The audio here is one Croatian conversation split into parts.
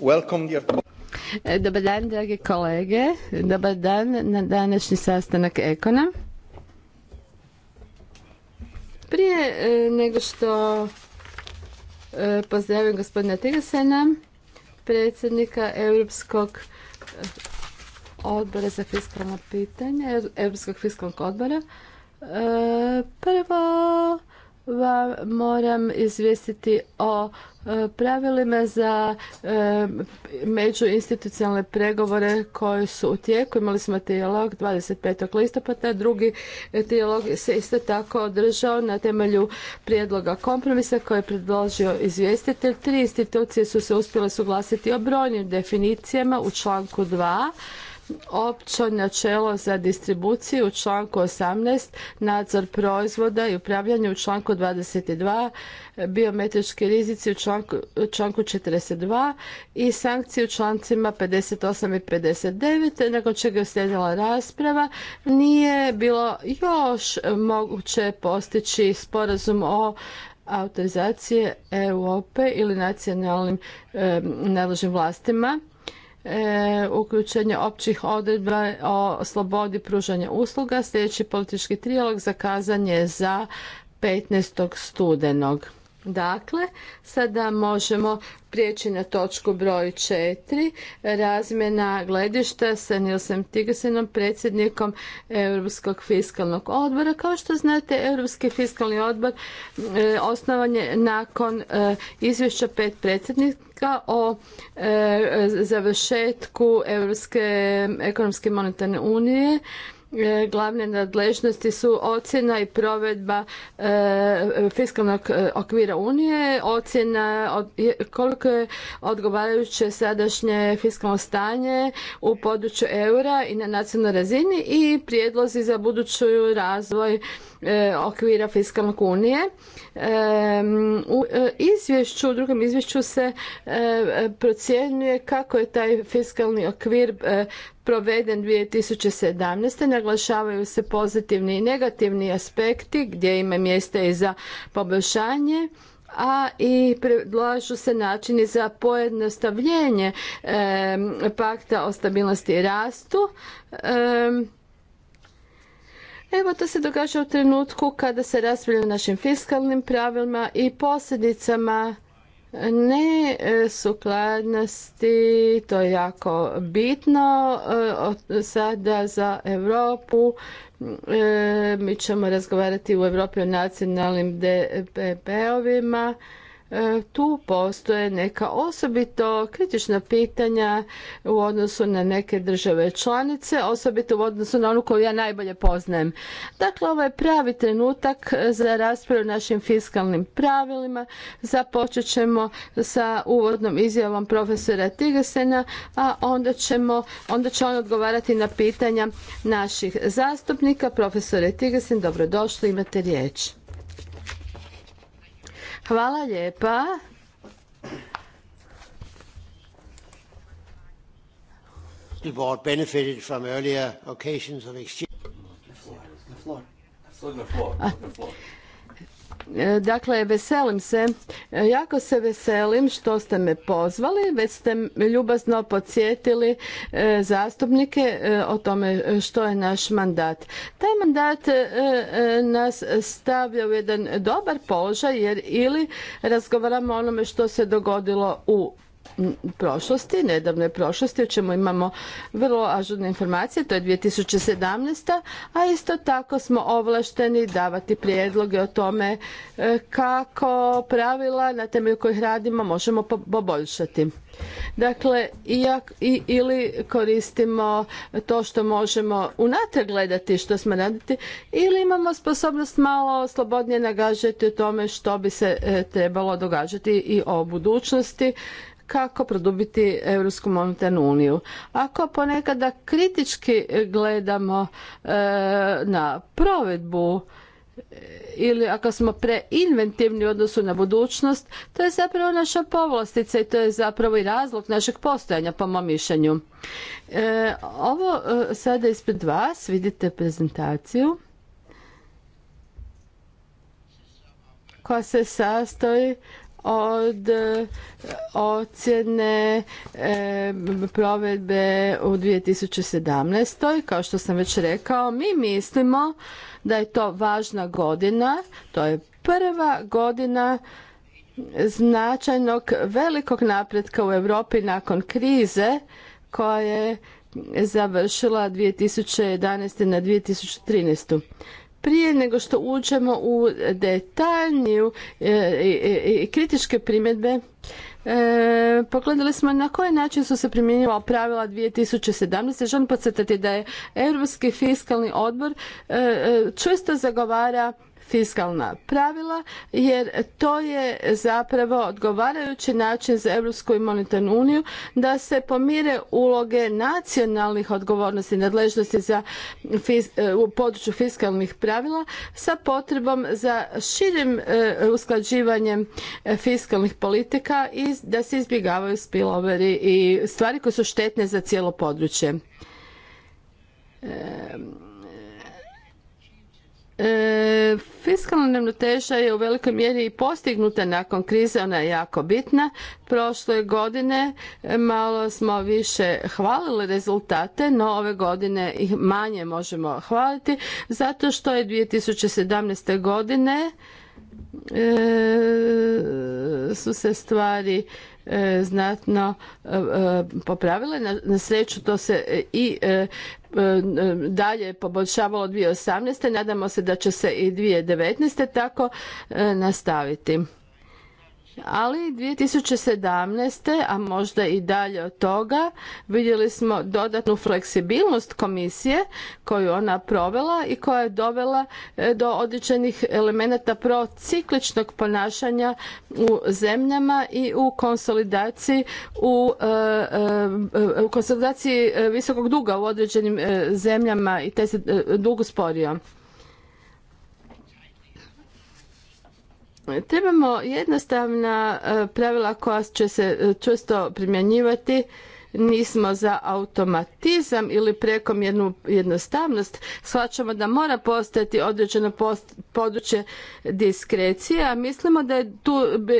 E, dobar dan, dragi kolege. Dobar dan na današnji sastanak Ekona. Prije e, nego što e, pozdravim gospodina Tigasena, predsjednika Europskog odbora za fiskalna pitanja, Europskog fiskalnog odbora, prvo vam moram izvijestiti o pravilima za međuinstitucionalne pregovore koji su u tijeku. Imali smo dijalog 25. listopada, drugi dijalog se isto tako održao na temelju prijedloga kompromisa koji je predložio izvjestitelj. Tri institucije su se uspjele suglasiti o brojnim definicijama u članku 2 opće načelo za distribuciju u članku 18, nadzor proizvoda i upravljanje u članku 22, biometrički rizici u članku, članku 42 i sankcije u člancima 58 i 59, nakon čega je slijedila rasprava. Nije bilo još moguće postići sporazum o autorizacije EUOP ili nacionalnim nadležnim vlastima. E, uključenje općih odredba o slobodi pružanja usluga. Sljedeći politički trijalog zakazan je za 15. studenog. Dakle, sada možemo prijeći na točku broj četiri, razmjena gledišta sa Nilsem Tigesenom, predsjednikom Europskog fiskalnog odbora. Kao što znate, Europski fiskalni odbor eh, osnovan je nakon eh, izvješća pet predsjednika o eh, završetku Europske ekonomske monetarne unije E, glavne nadležnosti su ocjena i provedba e, fiskalnog e, okvira Unije, ocjena koliko je odgovarajuće sadašnje fiskalno stanje u području eura i na nacionalnoj razini i prijedlozi za budući razvoj okvira fiskalnog unije. U izvješću, u drugom izvješću se procjenjuje kako je taj fiskalni okvir proveden 2017. naglašavaju se pozitivni i negativni aspekti gdje ima mjesta i za poboljšanje a i predlažu se načini za pojednostavljenje pakta o stabilnosti i rastu. Evo to se događa u trenutku kada se raspravlja o našim fiskalnim pravilima i posljedicama ne sukladnosti, to je jako bitno e, sada za Europu. E, mi ćemo razgovarati u Europi o nacionalnim DPP-ovima. E, tu postoje neka osobito kritična pitanja u odnosu na neke države članice, osobito u odnosu na onu koju ja najbolje poznajem. Dakle, ovo je pravi trenutak za raspravu o našim fiskalnim pravilima. Započet ćemo sa uvodnom izjavom profesora Tigesena, a onda, ćemo, onda će on odgovarati na pitanja naših zastupnika. Profesore Tigesen, dobrodošli, imate riječ. Hvala lijepa. The board benefited from earlier occasions of exchange. The floor. The floor. The floor. The floor. The floor. E, dakle, veselim se, e, jako se veselim što ste me pozvali, već ste ljubazno podsjetili e, zastupnike o tome što je naš mandat. Taj mandat nas stavlja u jedan dobar položaj jer ili razgovaramo o onome što se dogodilo u prošlosti, nedavnoj prošlosti, o čemu imamo vrlo ažurne informacije, to je 2017. A isto tako smo ovlašteni davati prijedloge o tome e, kako pravila na temelju kojih radimo možemo poboljšati. Dakle, iak, i, ili koristimo to što možemo unatrag gledati što smo raditi, ili imamo sposobnost malo slobodnije nagađati o tome što bi se e, trebalo događati i o budućnosti kako produbiti Europsku monetarnu uniju. Ako ponekada kritički gledamo e, na provedbu e, ili ako smo preinventivni u odnosu na budućnost, to je zapravo naša povlastica i to je zapravo i razlog našeg postojanja, po mom mišljenju. E, ovo sada ispred vas vidite prezentaciju koja se sastoji od e, ocjene e, provedbe u 2017. Kao što sam već rekao, mi mislimo da je to važna godina, to je prva godina značajnog velikog napretka u Europi nakon krize koja je završila 2011. na 2013 prije nego što uđemo u detaljniju e, i kritičke primjedbe e, pogledali smo na koji način su se primjenjivala pravila 2017. Želim podsjetiti da je Europski fiskalni odbor e, često zagovara fiskalna pravila jer to je zapravo odgovarajući način za Europsku i monetarnu uniju da se pomire uloge nacionalnih odgovornosti i nadležnosti e, u području fiskalnih pravila sa potrebom za širim e, usklađivanjem e, fiskalnih politika i da se izbjegavaju spiloveri i stvari koje su štetne za cijelo područje. E, fiskalna ravnoteža je u velikoj mjeri i postignuta nakon krize, ona je jako bitna. Prošle godine malo smo više hvalili rezultate, no ove godine ih manje možemo hvaliti, zato što je 2017. godine e, su se stvari E, znatno e, e, popravile. Na sreću to se i dalje poboljšavalo 2018. Nadamo se da će se i 2019. tako nastaviti ali 2017. a možda i dalje od toga vidjeli smo dodatnu fleksibilnost komisije koju ona provela i koja je dovela e, do određenih elemenata procikličnog ponašanja u zemljama i u konsolidaciji u, e, e, konsolidaciji visokog duga u određenim zemljama i te se dug sporio. Trebamo jednostavna e, pravila koja će se e, često primjenjivati nismo za automatizam ili prekomjernu jednostavnost, shvaćamo da mora postojati određeno područje diskrecije, a mislimo da, je tu,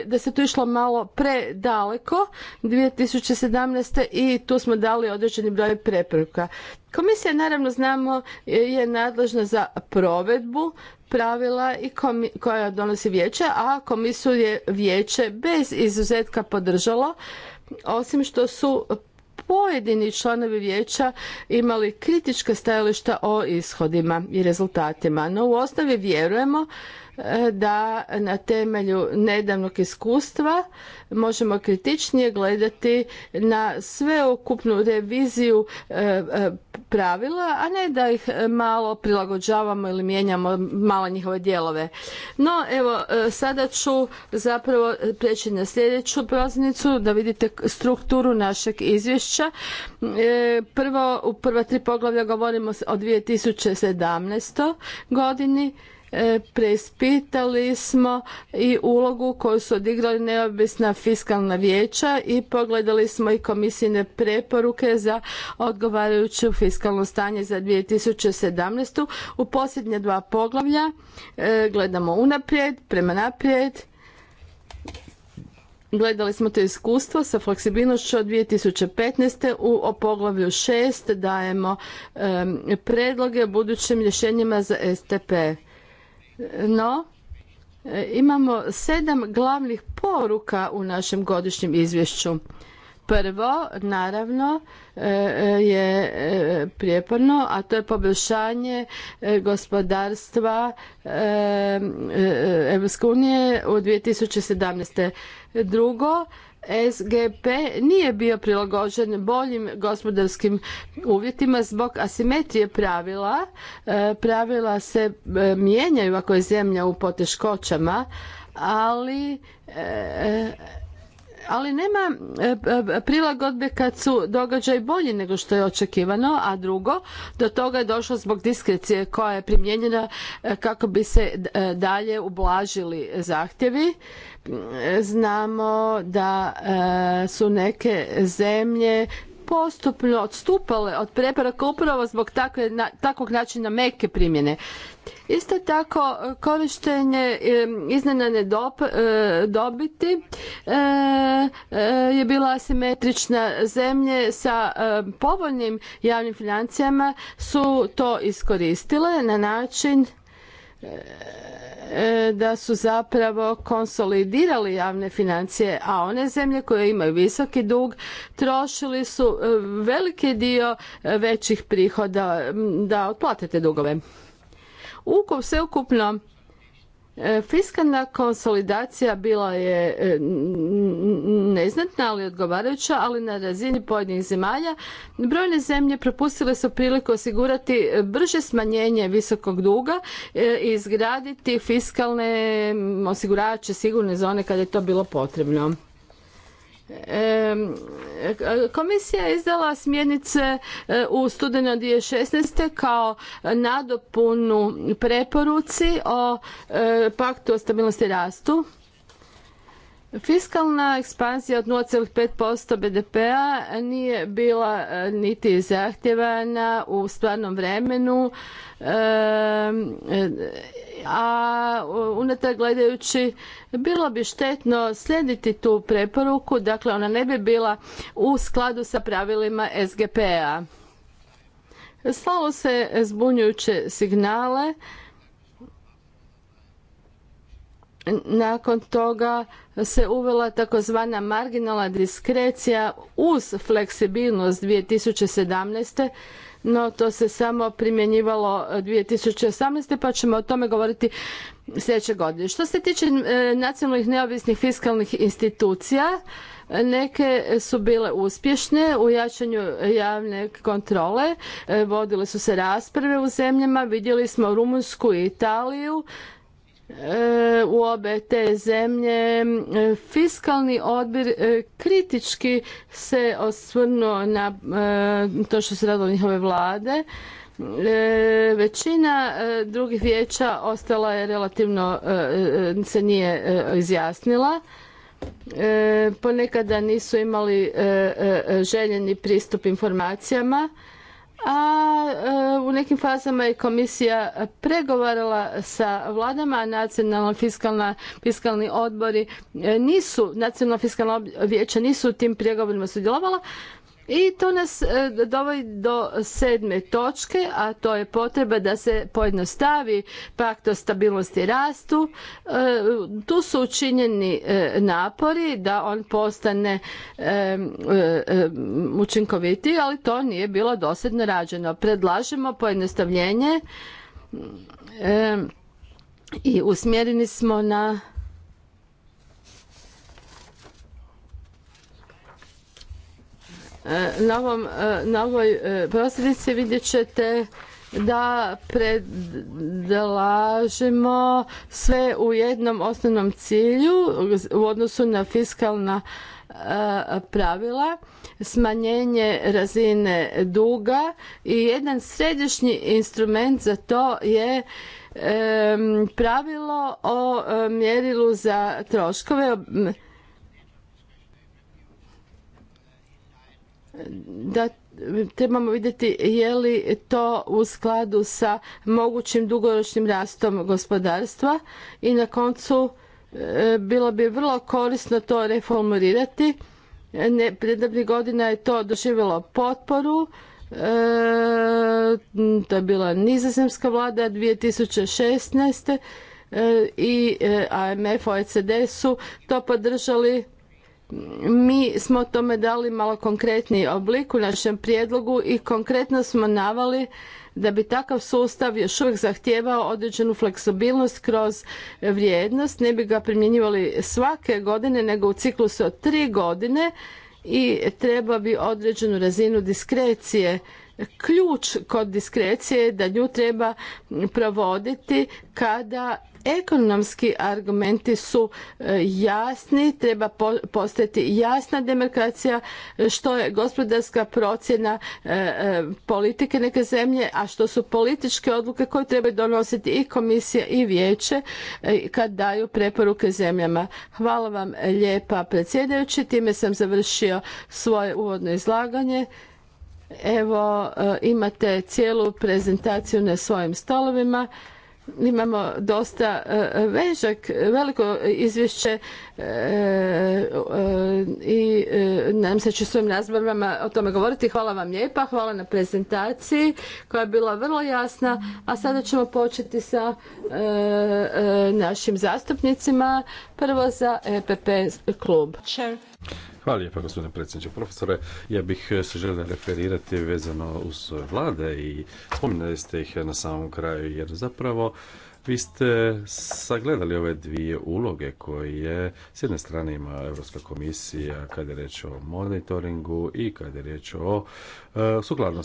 da se tu išlo malo predaleko 2017. i tu smo dali određeni broj preporuka. Komisija, naravno, znamo, je nadležna za provedbu pravila i koja donosi vijeće, a komisiju je vijeće bez izuzetka podržalo, osim što su pojedini članovi vijeća imali kritička stajališta o ishodima i rezultatima, no u osnovi vjerujemo da na temelju nedavnog iskustva možemo kritičnije gledati na sveukupnu reviziju e, e, pravila, a ne da ih malo prilagođavamo ili mijenjamo malo njihove dijelove. No, evo, e, sada ću zapravo preći na sljedeću proznicu da vidite strukturu našeg izvješća. Prvo, u prva tri poglavlja govorimo o 2017. godini, E, preispitali smo i ulogu koju su odigrali neovisna fiskalna vijeća i pogledali smo i komisijne preporuke za odgovarajuće fiskalno stanje za 2017. U posljednja dva poglavlja e, gledamo unaprijed, prema naprijed, Gledali smo to iskustvo sa fleksibilnošću od 2015. u poglavlju 6 dajemo um, predloge budućim rješenjima za STP. No, e, imamo sedam glavnih poruka u našem godišnjem izvješću. Prvo, naravno, e, e, je prijeporno, a to je poboljšanje gospodarstva Europske unije u 2017. Drugo, SGP nije bio prilagođen boljim gospodarskim uvjetima zbog asimetrije pravila. E, pravila se e, mijenjaju ako je zemlja u poteškoćama, ali e, ali nema e, prilagodbe kad su događaj bolji nego što je očekivano, a drugo, do toga je došlo zbog diskrecije koja je primijenjena e, kako bi se e, dalje ublažili zahtjevi. Znamo da su neke zemlje postupno odstupale od preporaka upravo zbog takve, na, takvog načina meke primjene. Isto tako korištenje iznenane dop e, dobiti e, e, je bila asimetrična zemlje sa povoljnim javnim financijama su to iskoristile na način E, da su zapravo konsolidirali javne financije, a one zemlje koje imaju visoki dug trošili su e, veliki dio e, većih prihoda da otplate te dugove. Ukupno, sveukupno E, fiskalna konsolidacija bila je e, neznatna, ali odgovarajuća, ali na razini pojedinih zemalja brojne zemlje propustile su priliku osigurati brže smanjenje visokog duga e, i izgraditi fiskalne osigurače sigurne zone kada je to bilo potrebno. Komisija je izdala smjernice e, u studenu 2016. kao nadopunu preporuci o e, paktu o stabilnosti rastu Fiskalna ekspanzija od 0,5% BDP-a nije bila e, niti zahtjevana u stvarnom vremenu, a unatrag gledajući bilo bi štetno slijediti tu preporuku, dakle ona ne bi bila u skladu sa pravilima SGP-a. Slalo se zbunjujuće signale nakon toga se uvela takozvana marginalna diskrecija uz fleksibilnost 2017. No to se samo primjenjivalo 2018. pa ćemo o tome govoriti sljedeće godine. Što se tiče e, nacionalnih neovisnih fiskalnih institucija, Neke su bile uspješne u jačanju javne kontrole, e, vodile su se rasprave u zemljama, vidjeli smo rumunjsku i Italiju E, u obe te zemlje fiskalni odbir e, kritički se osvrnuo na e, to što se radilo njihove vlade većina drugih vijeća ostala je relativno se nije izjasnila ponekada nisu imali željeni pristup informacijama a e, u nekim fazama je komisija pregovarala sa vladama, a nacionalno fiskalni odbori e, nisu, nacionalno fiskalno vijeće nisu u tim pregovorima sudjelovala, i to nas e, dovodi do sedme točke, a to je potreba da se pojednostavi pakt o stabilnosti i rastu. E, tu su učinjeni e, napori da on postane učinkovitiji, ali to nije bilo dosadno rađeno. Predlažemo pojednostavljenje i usmjereni smo na E, e, na, ovoj e, prosjednici vidjet ćete da predlažemo sve u jednom osnovnom cilju u odnosu na fiskalna pravila, smanjenje razine duga i jedan središnji instrument za to je pravilo o mjerilu za troškove da trebamo vidjeti je li to u skladu sa mogućim dugoročnim rastom gospodarstva i na koncu e, bilo bi vrlo korisno to reformulirati. Ne, godina je to doživjelo potporu. E, to je bila nizozemska vlada 2016. E, i AMF, OECD su to podržali mi smo tome dali malo konkretniji oblik u našem prijedlogu i konkretno smo navali da bi takav sustav još uvijek zahtijevao određenu fleksibilnost kroz vrijednost. Ne bi ga primjenjivali svake godine, nego u ciklusu od tri godine i treba bi određenu razinu diskrecije Ključ kod diskrecije je da nju treba provoditi kada ekonomski argumenti su e, jasni, treba postati jasna demokracija, što je gospodarska procjena e, e, politike neke zemlje, a što su političke odluke koje treba donositi i komisija i vijeće kad daju preporuke zemljama. Hvala vam lijepa predsjedajući, time sam završio svoje uvodno izlaganje. Evo, e, imate cijelu prezentaciju na svojim stolovima. Imamo dosta e, vežak, veliko izvješće e, i nadam se ću svojim razborbama o tome govoriti. Hvala vam lijepa, hvala na prezentaciji koja je bila vrlo jasna, a sada ćemo početi sa našim zastupnicima prvo za EPP klub. Hvala lijepa gospodine predsjedniče profesore. Ja bih se želio referirati vezano uz vlade i spominjali ste ih na samom kraju jer zapravo vi ste sagledali ove dvije uloge koje s jedne strane ima Europska komisija kada je riječ o monitoringu i kada je riječ o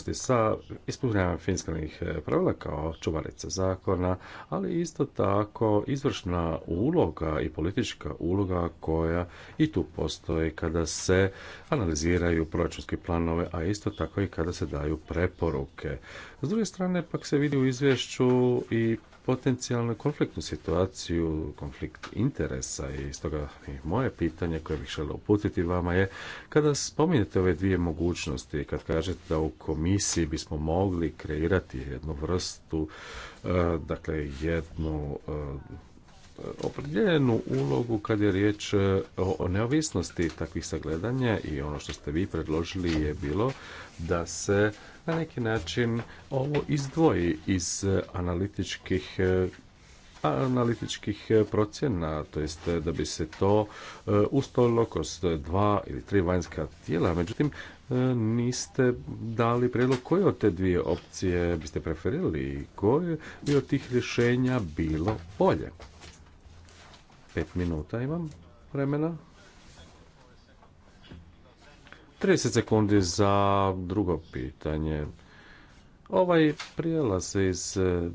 e, sa ispunjavanjem fiskalnih e, pravila kao čuvarica zakona, ali isto tako izvršna uloga i politička uloga koja i tu postoji kada se analiziraju proračunski planove, a isto tako i kada se daju preporuke. S druge strane pak se vidi u izvješću i potencijalnu konfliktnu situaciju, konflikt interesa i stoga moje pitanje koje bih želio uputiti vama je kada spominjete ove dvije mogućnosti, kad kažete da u komisiji bismo mogli kreirati jednu vrstu, e, dakle jednu e, opredjeljenu ulogu kad je riječ e, o neovisnosti takvih sagledanja i ono što ste vi predložili je bilo da se na neki način ovo izdvoji iz e, analitičkih e, analitičkih e, procjena, to jest da bi se to ustavilo kroz dva ili tri vanjska tijela. Međutim, niste dali prijedlog koje od te dvije opcije biste preferili i koje bi od tih rješenja bilo bolje. Pet minuta imam vremena. 30 sekundi za drugo pitanje. Ovaj prijelaz iz eh,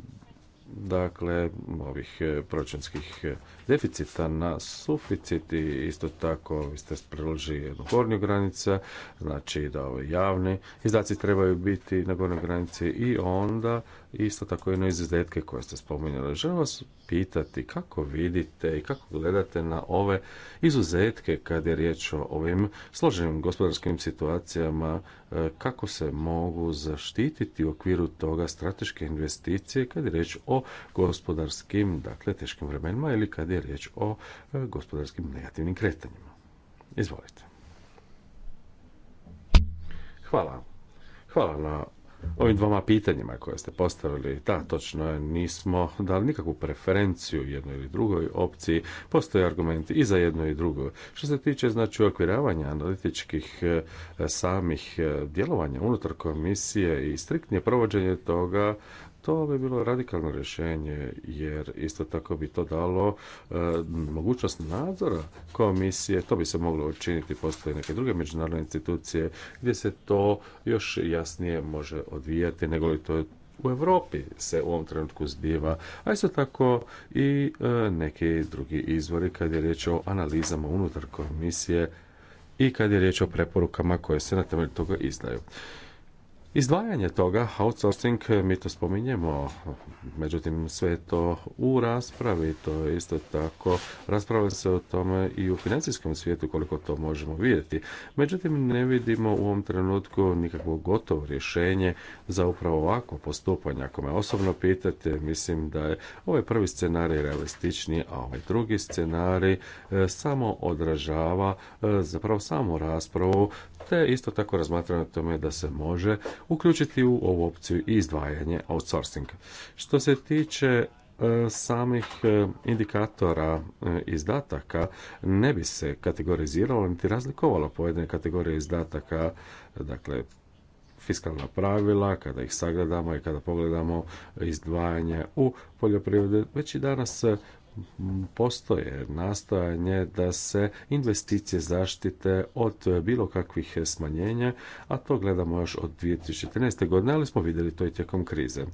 dakle ovih eh, proračunskih eh, deficita na suficit isto tako vi ste spreložili jednu gornju granicu, znači da ovi javni izdaci trebaju biti na gornjoj granici i onda isto tako jedno izuzetke koje ste spominjali. Želim vas pitati kako vidite i kako gledate na ove izuzetke kad je riječ o ovim složenim gospodarskim situacijama, e, kako se mogu zaštititi u okviru toga strateške investicije kad je riječ o gospodarskim, dakle, teškim vremenima ili kad je je riječ o e, gospodarskim negativnim kretanjima. Izvolite. Hvala. Hvala na ovim dvoma pitanjima koje ste postavili, da, točno je, nismo dali nikakvu preferenciju jednoj ili drugoj opciji, postoje argumenti i za jedno i drugo. Što se tiče, znači, uokviravanja analitičkih e, samih e, djelovanja unutar komisije i striktnije provođenje toga, to bi bilo radikalno rješenje jer isto tako bi to dalo e, mogućnost nadzora komisije, to bi se moglo učiniti, postoje neke druge međunarodne institucije gdje se to još jasnije može odvijati nego li to u Europi se u ovom trenutku zbiva, a isto tako i e, neki drugi izvori kad je riječ o analizama unutar komisije i kad je riječ o preporukama koje se na temelju toga izdaju. Izdvajanje toga, outsourcing, mi to spominjemo, međutim sve je to u raspravi, to je isto tako, raspravlja se o tome i u financijskom svijetu koliko to možemo vidjeti. Međutim, ne vidimo u ovom trenutku nikakvo gotovo rješenje za upravo ovako postupanje. Ako me osobno pitate, mislim da je ovaj prvi scenarij realističniji, a ovaj drugi scenarij e, samo odražava e, zapravo samo raspravu te isto tako razmatrano o tome da se može uključiti u ovu opciju i izdvajanje outsourcing. Što se tiče e, samih e, indikatora e, izdataka ne bi se kategoriziralo niti razlikovalo pojedine kategorije izdataka, dakle fiskalna pravila, kada ih sagledamo i kada pogledamo izdvajanje u poljoprivredi, već i danas postoje nastojanje da se investicije zaštite od bilo kakvih smanjenja, a to gledamo još od 2013. godine, ali smo vidjeli to i tijekom krize.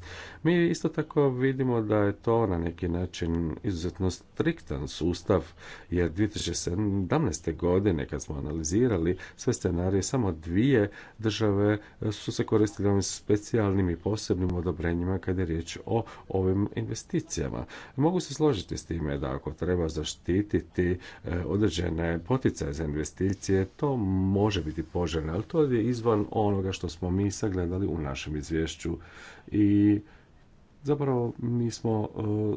Mi isto tako vidimo da je to na neki način izuzetno striktan sustav, jer 2017. godine kad smo analizirali sve scenarije, samo dvije države su se koristile ovim specijalnim i posebnim odobrenjima kada je riječ o ovim investicijama. Mogu se složiti s ime da ako treba zaštititi e, određene poticaje za investicije, to može biti poželjno, ali to je izvan onoga što smo mi sagledali u našem izvješću i zapravo mi smo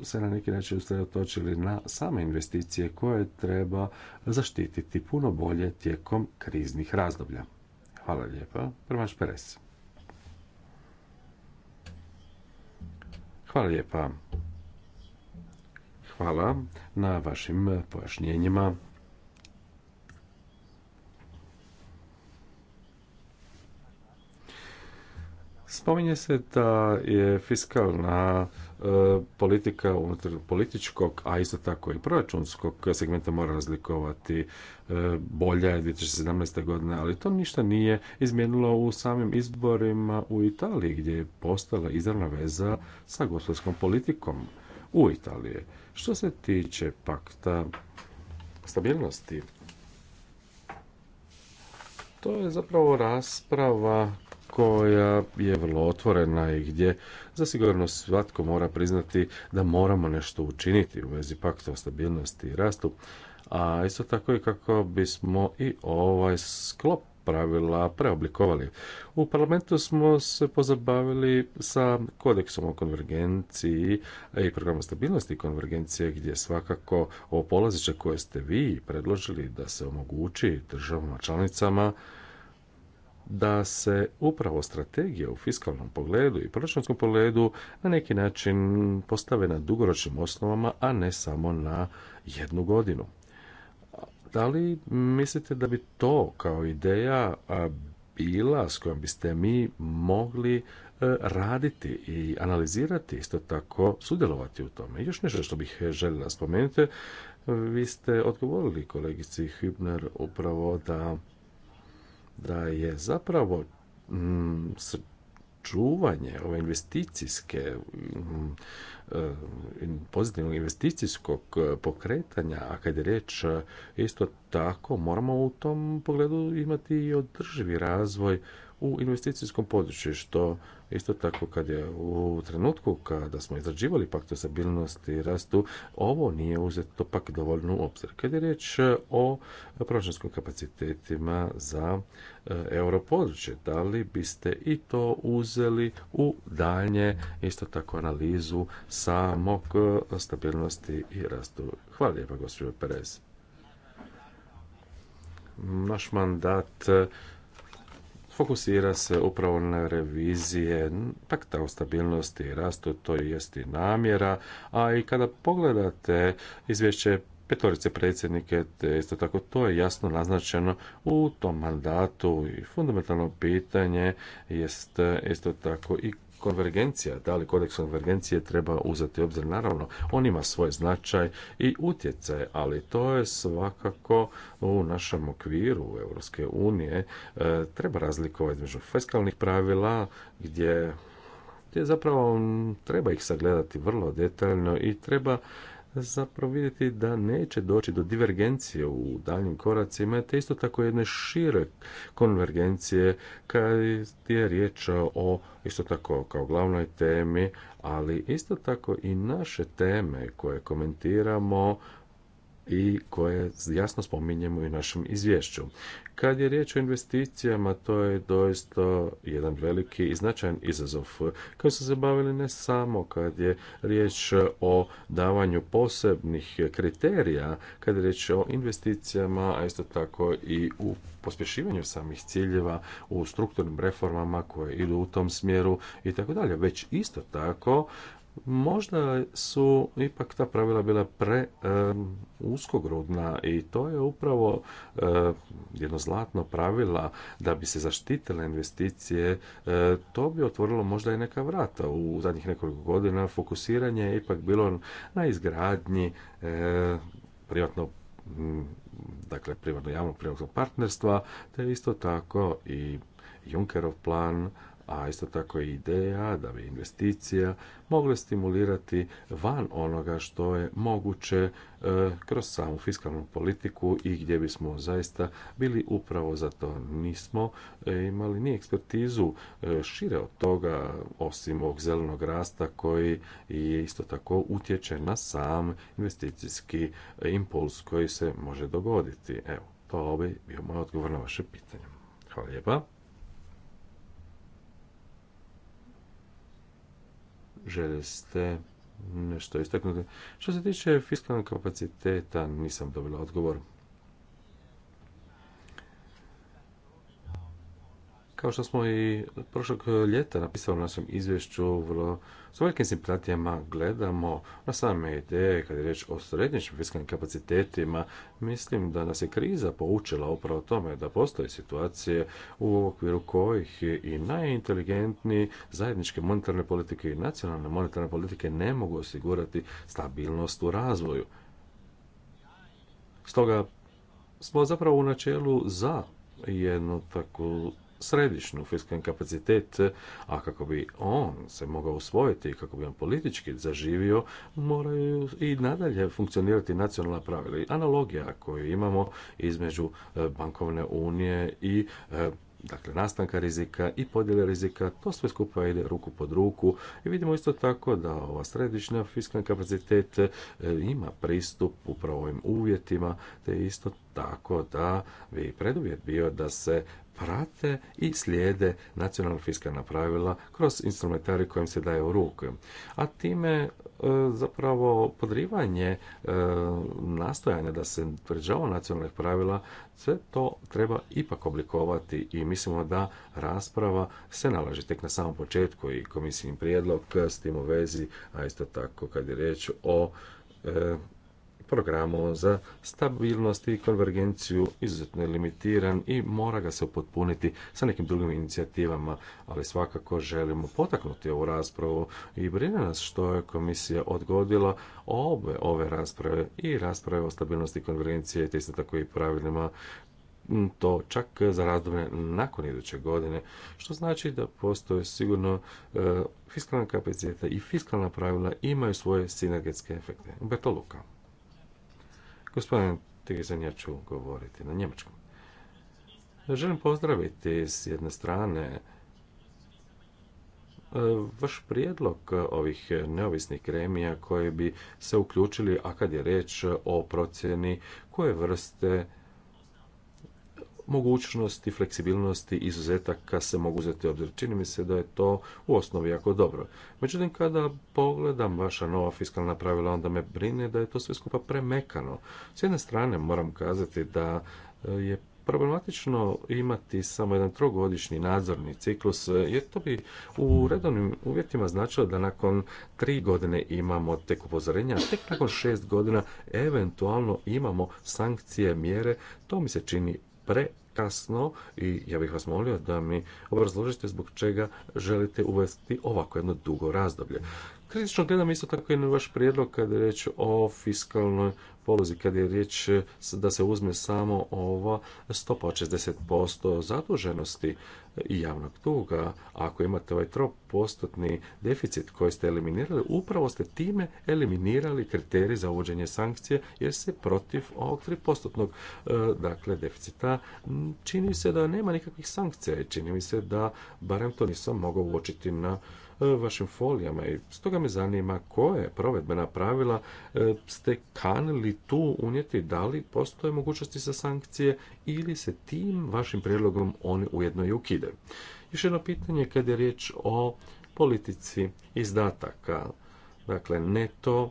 e, se na neki način usredotočili na same investicije koje treba zaštititi puno bolje tijekom kriznih razdoblja. Hvala lijepa. Prvaš Peres. Hvala lijepa. Hvala na vašim pojašnjenjima. Spominje se da je fiskalna e, politika unutar političkog, a isto tako i proračunskog segmenta mora razlikovati e, bolja je 2017. godine, ali to ništa nije izmijenilo u samim izborima u Italiji gdje je postala izravna veza sa gospodarskom politikom u Italiji. Što se tiče pakta stabilnosti, to je zapravo rasprava koja je vrlo otvorena i gdje zasigurno svatko mora priznati da moramo nešto učiniti u vezi pakta o stabilnosti i rastu, a isto tako i kako bismo i ovaj sklop pravila preoblikovali. U parlamentu smo se pozabavili sa kodeksom o konvergenciji i programom stabilnosti i konvergencije gdje svakako ovo polaziće koje ste vi predložili da se omogući državama članicama da se upravo strategije u fiskalnom pogledu i proračunskom pogledu na neki način postave na dugoročnim osnovama, a ne samo na jednu godinu. Da li mislite da bi to kao ideja bila s kojom biste mi mogli e, raditi i analizirati, isto tako sudjelovati u tome. još nešto što bih željela spomenuti, vi ste odgovorili kolegici Hübner upravo da, da je zapravo čuvanje ove investicijske mm, eh, pozitivnog investicijskog eh, pokretanja, a kad je riječ eh, isto tako moramo u tom pogledu imati i održivi razvoj u investicijskom području, što isto tako kad je u trenutku kada smo izrađivali pakt o stabilnosti i rastu, ovo nije uzeto pak dovoljno u obzir. Kad je riječ e, o proračunskim kapacitetima za e, europodručje, da li biste i to uzeli u daljnje isto tako analizu samog e, stabilnosti i rastu? Hvala lijepa, gospođo Perez naš mandat fokusira se upravo na revizije pakta o stabilnosti i rastu, to je i namjera, a i kada pogledate izvješće petorice predsjednike, te isto tako to je jasno naznačeno u tom mandatu i fundamentalno pitanje jest isto tako i konvergencija, da li kodeks konvergencije treba uzeti obzir, naravno, on ima svoj značaj i utjecaj, ali to je svakako u našem okviru Europske unije e, treba razlikovati između fiskalnih pravila gdje gdje zapravo treba ih sagledati vrlo detaljno i treba zapravo vidjeti da neće doći do divergencije u daljnjim koracima, te isto tako jedne šire konvergencije kad je riječ o isto tako kao glavnoj temi, ali isto tako i naše teme koje komentiramo i koje jasno spominjemo i u našem izvješću. Kad je riječ o investicijama, to je doista jedan veliki i značajan izazov koji su se bavili ne samo kad je riječ o davanju posebnih kriterija, kad je riječ o investicijama, a isto tako i u pospješivanju samih ciljeva, u strukturnim reformama koje idu u tom smjeru i tako dalje. Već isto tako Možda su ipak ta pravila bila pre uskogrudna i to je upravo jedno zlatno pravila da bi se zaštitile investicije, to bi otvorilo možda i neka vrata. U zadnjih nekoliko godina fokusiranje je ipak bilo na izgradnji privatno dakle privatno javno privatnog partnerstva, te isto tako i Junckerov plan a isto tako i ideja da bi investicija mogle stimulirati van onoga što je moguće e, kroz samu fiskalnu politiku i gdje bismo zaista bili upravo za to nismo e, imali ni ekspertizu e, šire od toga osim ovog zelenog rasta koji je isto tako utječe na sam investicijski impuls koji se može dogoditi. Evo, to bi bio moj odgovor na vaše pitanje. Hvala lijepa. Žele ste nešto istaknuti. Što se tiče fiskalnog kapaciteta, nisam dobila odgovor. Kao što smo i prošlog ljeta napisali u našem izvješću, vrlo s velikim simpatijama gledamo na same ideje kad je riječ o srednjičnim fiskalnim kapacitetima. Mislim da nas je kriza poučila upravo tome da postoje situacije u okviru kojih i najinteligentniji zajedničke monetarne politike i nacionalne monetarne politike ne mogu osigurati stabilnost u razvoju. Stoga smo zapravo u načelu za jednu takvu središnju fiskalni kapacitet, a kako bi on se mogao usvojiti i kako bi on politički zaživio, moraju i nadalje funkcionirati nacionalna pravila. I analogija koju imamo između e, bankovne unije i e, dakle nastanka rizika i podjele rizika, to sve skupa ide ruku pod ruku i vidimo isto tako da ova središnja fiskalna kapacitet e, ima pristup upravo ovim uvjetima, te isto tako da bi preduvjet bio da se prate i slijede nacionalna fiskalna pravila kroz instrumentari kojim se daje u ruku. A time e, zapravo podrivanje e, nastojanja da se tvrđava nacionalnih pravila, sve to treba ipak oblikovati i mislimo da rasprava se nalaže tek na samom početku i komisijni prijedlog s tim u vezi, a isto tako kad je riječ o e, programu za stabilnost i konvergenciju izuzetno je limitiran i mora ga se upotpuniti sa nekim drugim inicijativama, ali svakako želimo potaknuti ovu raspravu i brine nas što je komisija odgodila obe ove rasprave i rasprave o stabilnosti konvergencije te isto tako i pravilima to čak za razdoblje nakon iduće godine, što znači da postoje sigurno e, fiskalna kapaciteta i fiskalna pravila imaju svoje sinergetske efekte. Beto Luka. Gospodin Tigizan, ja ću govoriti na njemačkom. Želim pozdraviti s jedne strane e, vaš prijedlog ovih neovisnih gremija koje bi se uključili, a kad je reč o procjeni koje vrste mogućnosti, fleksibilnosti izuzetaka se mogu uzeti obzir. Čini mi se da je to u osnovi jako dobro. Međutim, kada pogledam vaša nova fiskalna pravila, onda me brine da je to sve skupa premekano. S jedne strane moram kazati da eh, je problematično imati samo jedan trogodišnji nadzorni ciklus, eh, jer to bi u redovnim uvjetima značilo da nakon tri godine imamo tek upozorenja, a tek nakon šest godina eventualno imamo sankcije, mjere. To mi se čini prekasno i ja bih vas molio da mi obrazložite zbog čega želite uvesti ovako jedno dugo razdoblje. Kritično gledam isto tako i na vaš prijedlog kada je reč o fiskalnoj polozi kad je riječ e, da se uzme samo ova stopa od 60% zaduženosti e, i javnog duga, ako imate ovaj postotni deficit koji ste eliminirali, upravo ste time eliminirali kriterij za uvođenje sankcije jer se protiv ovog 3% e, dakle, deficita čini se da nema nikakvih sankcija i čini mi se da barem to nisam mogao uočiti na E, vašim folijama i stoga me zanima koje provedbena pravila e, ste kanili tu unijeti, da li postoje mogućnosti za sankcije ili se tim vašim prijedlogom oni ujedno i ukide. Još jedno pitanje kad je riječ o politici izdataka, dakle neto e,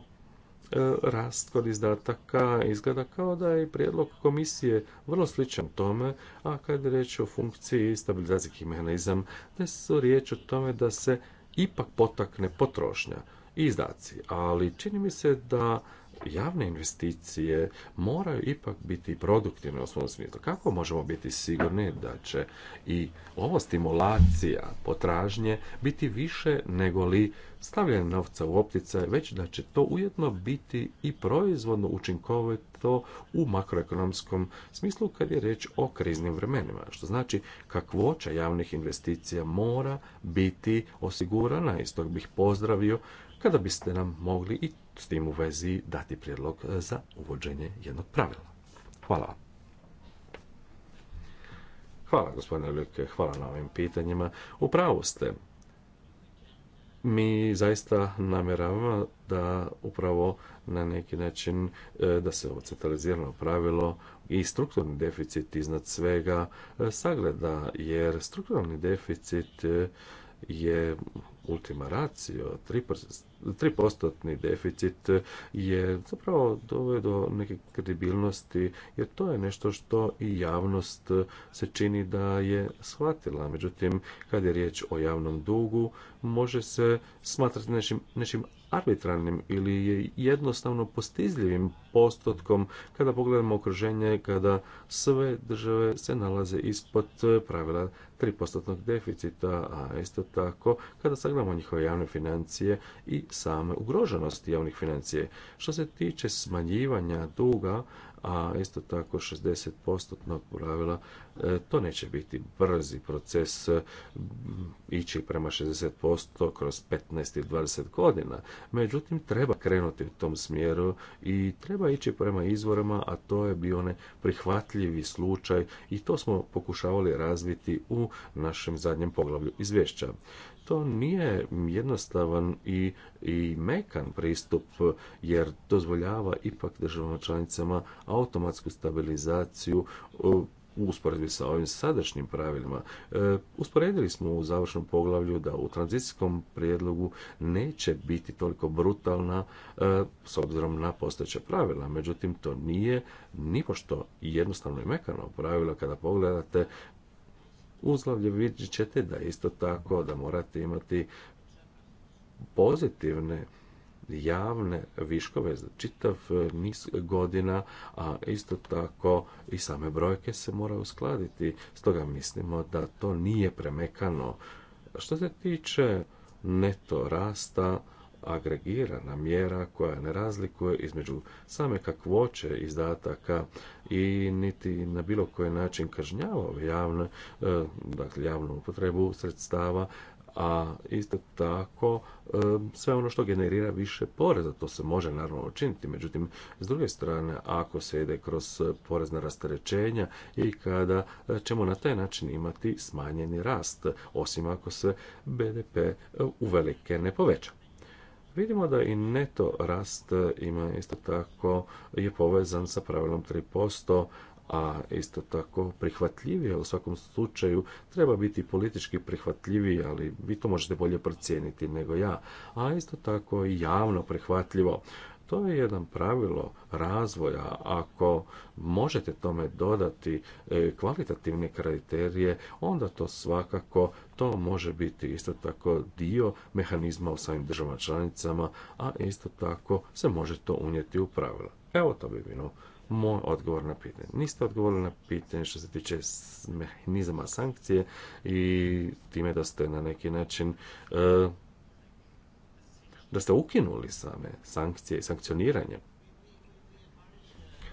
rast kod izdataka izgleda kao da je prijedlog komisije vrlo sličan tome, a kad je riječ o funkciji stabilizacijski mehanizam, da su riječ o tome da se ipak potakne potrošnja izdaci. Ali čini mi se da javne investicije moraju ipak biti produktivne u svom smislu. Kako možemo biti sigurni da će i ovo stimulacija potražnje biti više nego li stavljanje novca u opticaj, već da će to ujedno biti i proizvodno učinkovito u makroekonomskom smislu kad je reč o kriznim vremenima. Što znači kakvoća javnih investicija mora biti osigurana i stoga bih pozdravio kada biste nam mogli i s tim u vezi dati prijedlog e, za uvođenje jednog pravila. Hvala vam. Hvala, gospodine Ljuke, hvala na ovim pitanjima. Upravo ste. Mi zaista namjeravamo da upravo na neki način e, da se ovo centralizirano pravilo i strukturni deficit iznad svega e, sagleda, jer strukturni deficit je ultima ratio, 3% deficit je zapravo doveo do neke kredibilnosti, jer to je nešto što i javnost se čini da je shvatila. Međutim, kad je riječ o javnom dugu, može se smatrati nečim arbitrarnim ili jednostavno postizljivim postotkom kada pogledamo okruženje kada sve države se nalaze ispod pravila 3% deficita, a isto tako kada sagledamo njihove javne financije i same ugroženosti javnih financije. Što se tiče smanjivanja duga, a isto tako 60% pravila e, to neće biti brzi proces e, ići prema 60% kroz 15 ili 20 godina. Međutim, treba krenuti u tom smjeru i treba ići prema izvorima, a to je bio ne prihvatljivi slučaj i to smo pokušavali razviti u našem zadnjem poglavlju izvješća to nije jednostavan i, i mekan pristup jer dozvoljava ipak državama članicama automatsku stabilizaciju u usporedbi sa ovim sadašnjim pravilima. E, usporedili smo u završnom poglavlju da u tranzicijskom prijedlogu neće biti toliko brutalna e, s obzirom na postojeća pravila. Međutim, to nije nipošto jednostavno i mekano pravilo kada pogledate uzlavlje vidjet ćete da isto tako da morate imati pozitivne javne viškove za čitav niz godina, a isto tako i same brojke se moraju uskladiti. Stoga mislimo da to nije premekano. Što se tiče neto rasta, agregirana mjera koja ne razlikuje između same kakvoće izdataka i niti na bilo koji način kažnjava javne, e, dakle javnu upotrebu sredstava, a isto tako e, sve ono što generira više poreza, to se može naravno učiniti. Međutim, s druge strane, ako se ide kroz porezna rasterećenja i kada e, ćemo na taj način imati smanjeni rast, osim ako se BDP uvelike ne poveća. Vidimo da i neto rast e, ima isto tako je povezan sa pravilom 3%, a isto tako prihvatljivije u svakom slučaju treba biti politički prihvatljiviji, ali vi to možete bolje procijeniti nego ja, a isto tako i javno prihvatljivo. To je jedan pravilo razvoja. Ako možete tome dodati e, kvalitativne kriterije, onda to svakako to može biti isto tako dio mehanizma u samim državama članicama, a isto tako se može to unijeti u pravila. Evo to bi bilo moj odgovor na pitanje. Niste odgovorili na pitanje što se tiče mehanizama sankcije i time da ste na neki način e, da ste ukinuli same sankcije i sankcioniranje.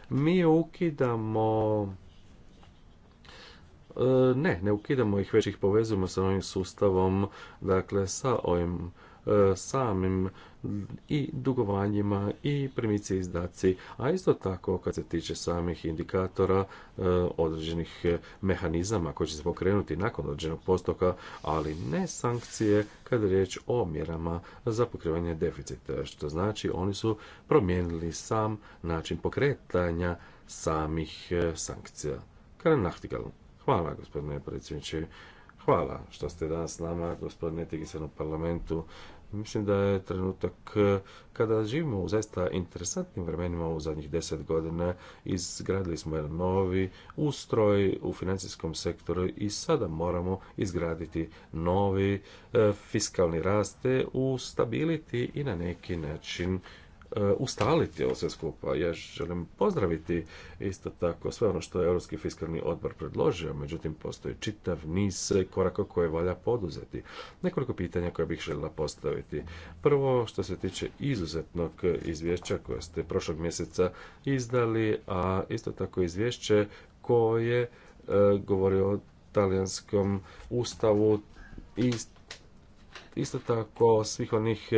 Mi ukidamo e, ne, ne ukidamo ih, već ih povezujemo sa ovim sustavom, dakle sa ovim e, samim i dugovanjima i primici izdaci, a isto tako kad se tiče samih indikatora e, određenih mehanizama koji će se pokrenuti nakon određenog postoka, ali ne sankcije kad je riječ o mjerama za pokrivanje deficita, što znači oni su promijenili sam način pokretanja samih e, sankcija. hvala gospodine predsjedniče. Hvala što ste danas s nama, gospodine Tigisan, u parlamentu. Mislim da je trenutak e, kada živimo u zaista interesantnim vremenima u zadnjih deset godina. Izgradili smo jedan novi ustroj u financijskom sektoru i sada moramo izgraditi novi e, fiskalni raste u stabiliti i na neki način E, ustaliti ovo sve skupa. Ja želim pozdraviti isto tako sve ono što je Europski fiskalni odbor predložio, međutim postoji čitav niz koraka koje valja poduzeti. Nekoliko pitanja koje bih željela postaviti. Prvo, što se tiče izuzetnog izvješća koje ste prošlog mjeseca izdali, a isto tako izvješće koje e, govori o talijanskom ustavu i isto tako svih onih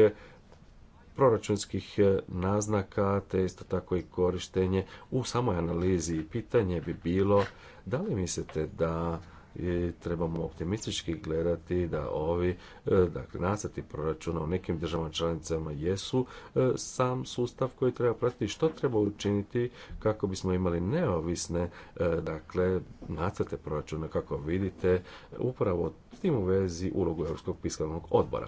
proračunskih e, naznaka, te isto tako i korištenje u samoj analizi. Pitanje bi bilo da li mislite da e, trebamo optimistički gledati da ovi e, dakle, nacrti proračuna u nekim državama članicama jesu sam sustav koji treba pratiti što treba učiniti kako bismo imali neovisne dakle, nacrte proračuna kako vidite upravo s tim u vezi ulogu Europskog fiskalnog odbora.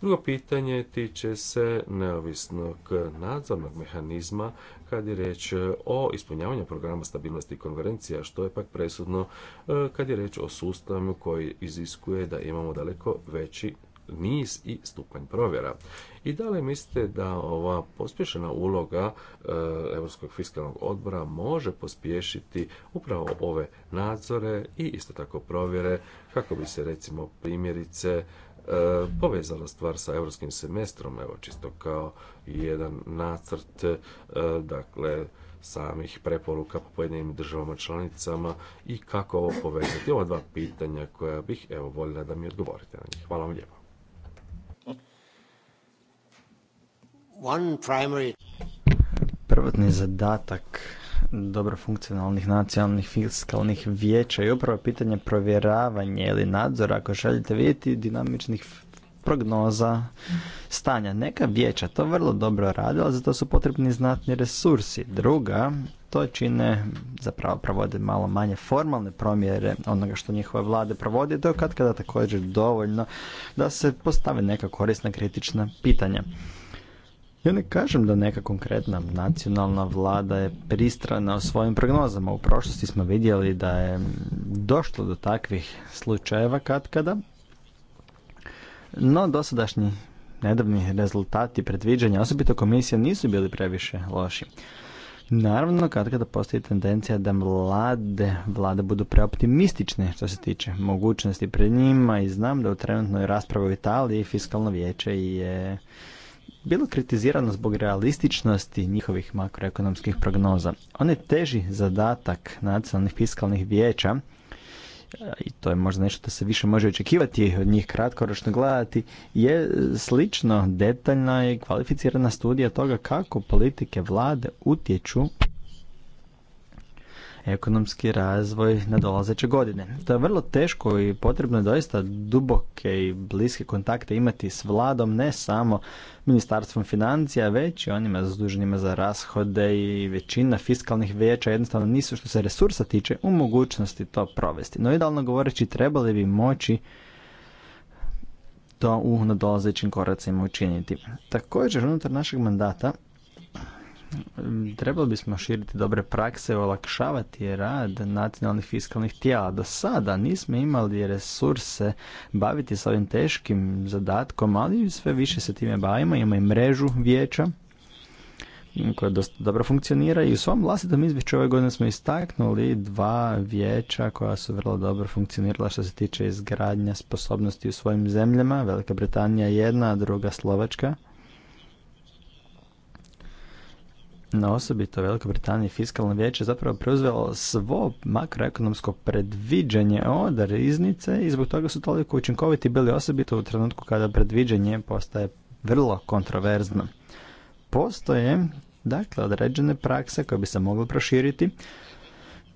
Drugo pitanje tiče se neovisnog nadzornog mehanizma kad je riječ o ispunjavanju programa stabilnosti i konverencija, što je pak presudno e, kad je riječ o sustavu koji iziskuje da imamo daleko veći niz i stupanj provjera. I da li mislite da ova pospješena uloga e, Europskog fiskalnog odbora može pospješiti upravo ove nadzore i isto tako provjere kako bi se recimo primjerice E, povezala stvar sa europskim semestrom, evo čisto kao jedan nacrt, e, dakle, samih preporuka po pojedinim državama članicama i kako ovo povezati. Ova dva pitanja koja bih evo voljela da mi odgovorite na njih. Hvala vam lijepo. One primary... Prvotni zadatak dobro funkcionalnih nacionalnih fiskalnih vijeća i upravo pitanje provjeravanja ili nadzora ako želite vidjeti dinamičnih prognoza stanja. Neka vijeća to vrlo dobro radila, ali za to su potrebni znatni resursi. Druga, to čine, zapravo provode malo manje formalne promjere onoga što njihove vlade provode, do kad kada također dovoljno da se postave neka korisna kritična pitanja. Ja ne kažem da neka konkretna nacionalna vlada je pristrana o svojim prognozama. U prošlosti smo vidjeli da je došlo do takvih slučajeva katkada, no dosadašnji nedavni rezultati predviđanja, osobito komisija, nisu bili previše loši. Naravno, kad kada postoji tendencija da mlade vlade budu preoptimistične što se tiče mogućnosti pred njima i znam da u trenutnoj raspravi u Italiji fiskalno vijeće je bilo kritizirano zbog realističnosti njihovih makroekonomskih prognoza. Onaj teži zadatak nacionalnih fiskalnih vijeća e, i to je možda nešto da se više može očekivati od njih kratkoročno gledati, je slično detaljna i kvalificirana studija toga kako politike vlade utječu ekonomski razvoj na dolazeće godine. To je vrlo teško i potrebno je doista duboke i bliske kontakte imati s vladom, ne samo ministarstvom financija, već i onima zaduženima za rashode i većina fiskalnih vijeća jednostavno nisu što se resursa tiče u mogućnosti to provesti. No idealno govoreći trebali bi moći to u nadolazećim koracima učiniti. Također, unutar našeg mandata Trebali bismo širiti dobre prakse, olakšavati rad nacionalnih fiskalnih tijela. Do sada nismo imali resurse baviti s ovim teškim zadatkom, ali sve više se time bavimo. Imamo i mrežu vijeća koja dosta dobro funkcionira i u svom vlastitom izvješću ove godine smo istaknuli dva vijeća koja su vrlo dobro funkcionirala što se tiče izgradnja sposobnosti u svojim zemljama. Velika Britanija jedna, druga Slovačka. na osobito Velikoj Britanije fiskalno vijeće zapravo preuzelo svo makroekonomsko predviđanje od riznice i zbog toga su toliko učinkoviti bili osobito u trenutku kada predviđanje postaje vrlo kontroverzno. Postoje dakle određene prakse koje bi se mogle proširiti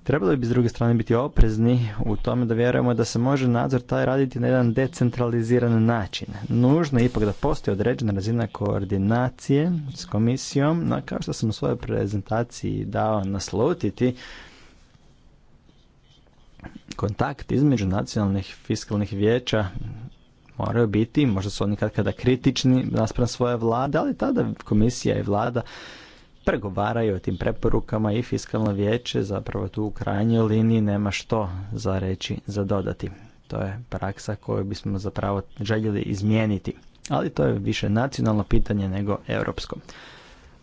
Trebali bi s druge strane biti oprezni u tome da vjerujemo da se može nadzor taj raditi na jedan decentraliziran način. Nužno je ipak da postoji određena razina koordinacije s komisijom, no kao što sam u svojoj prezentaciji dao naslutiti, kontakt između nacionalnih fiskalnih vijeća moraju biti, možda su oni kad kada kritični naspram svoje vlade, ali tada komisija i vlada pregovaraju o tim preporukama i fiskalno vijeće zapravo tu u krajnjoj liniji nema što za reći, za dodati. To je praksa koju bismo zapravo željeli izmijeniti. Ali to je više nacionalno pitanje nego europsko.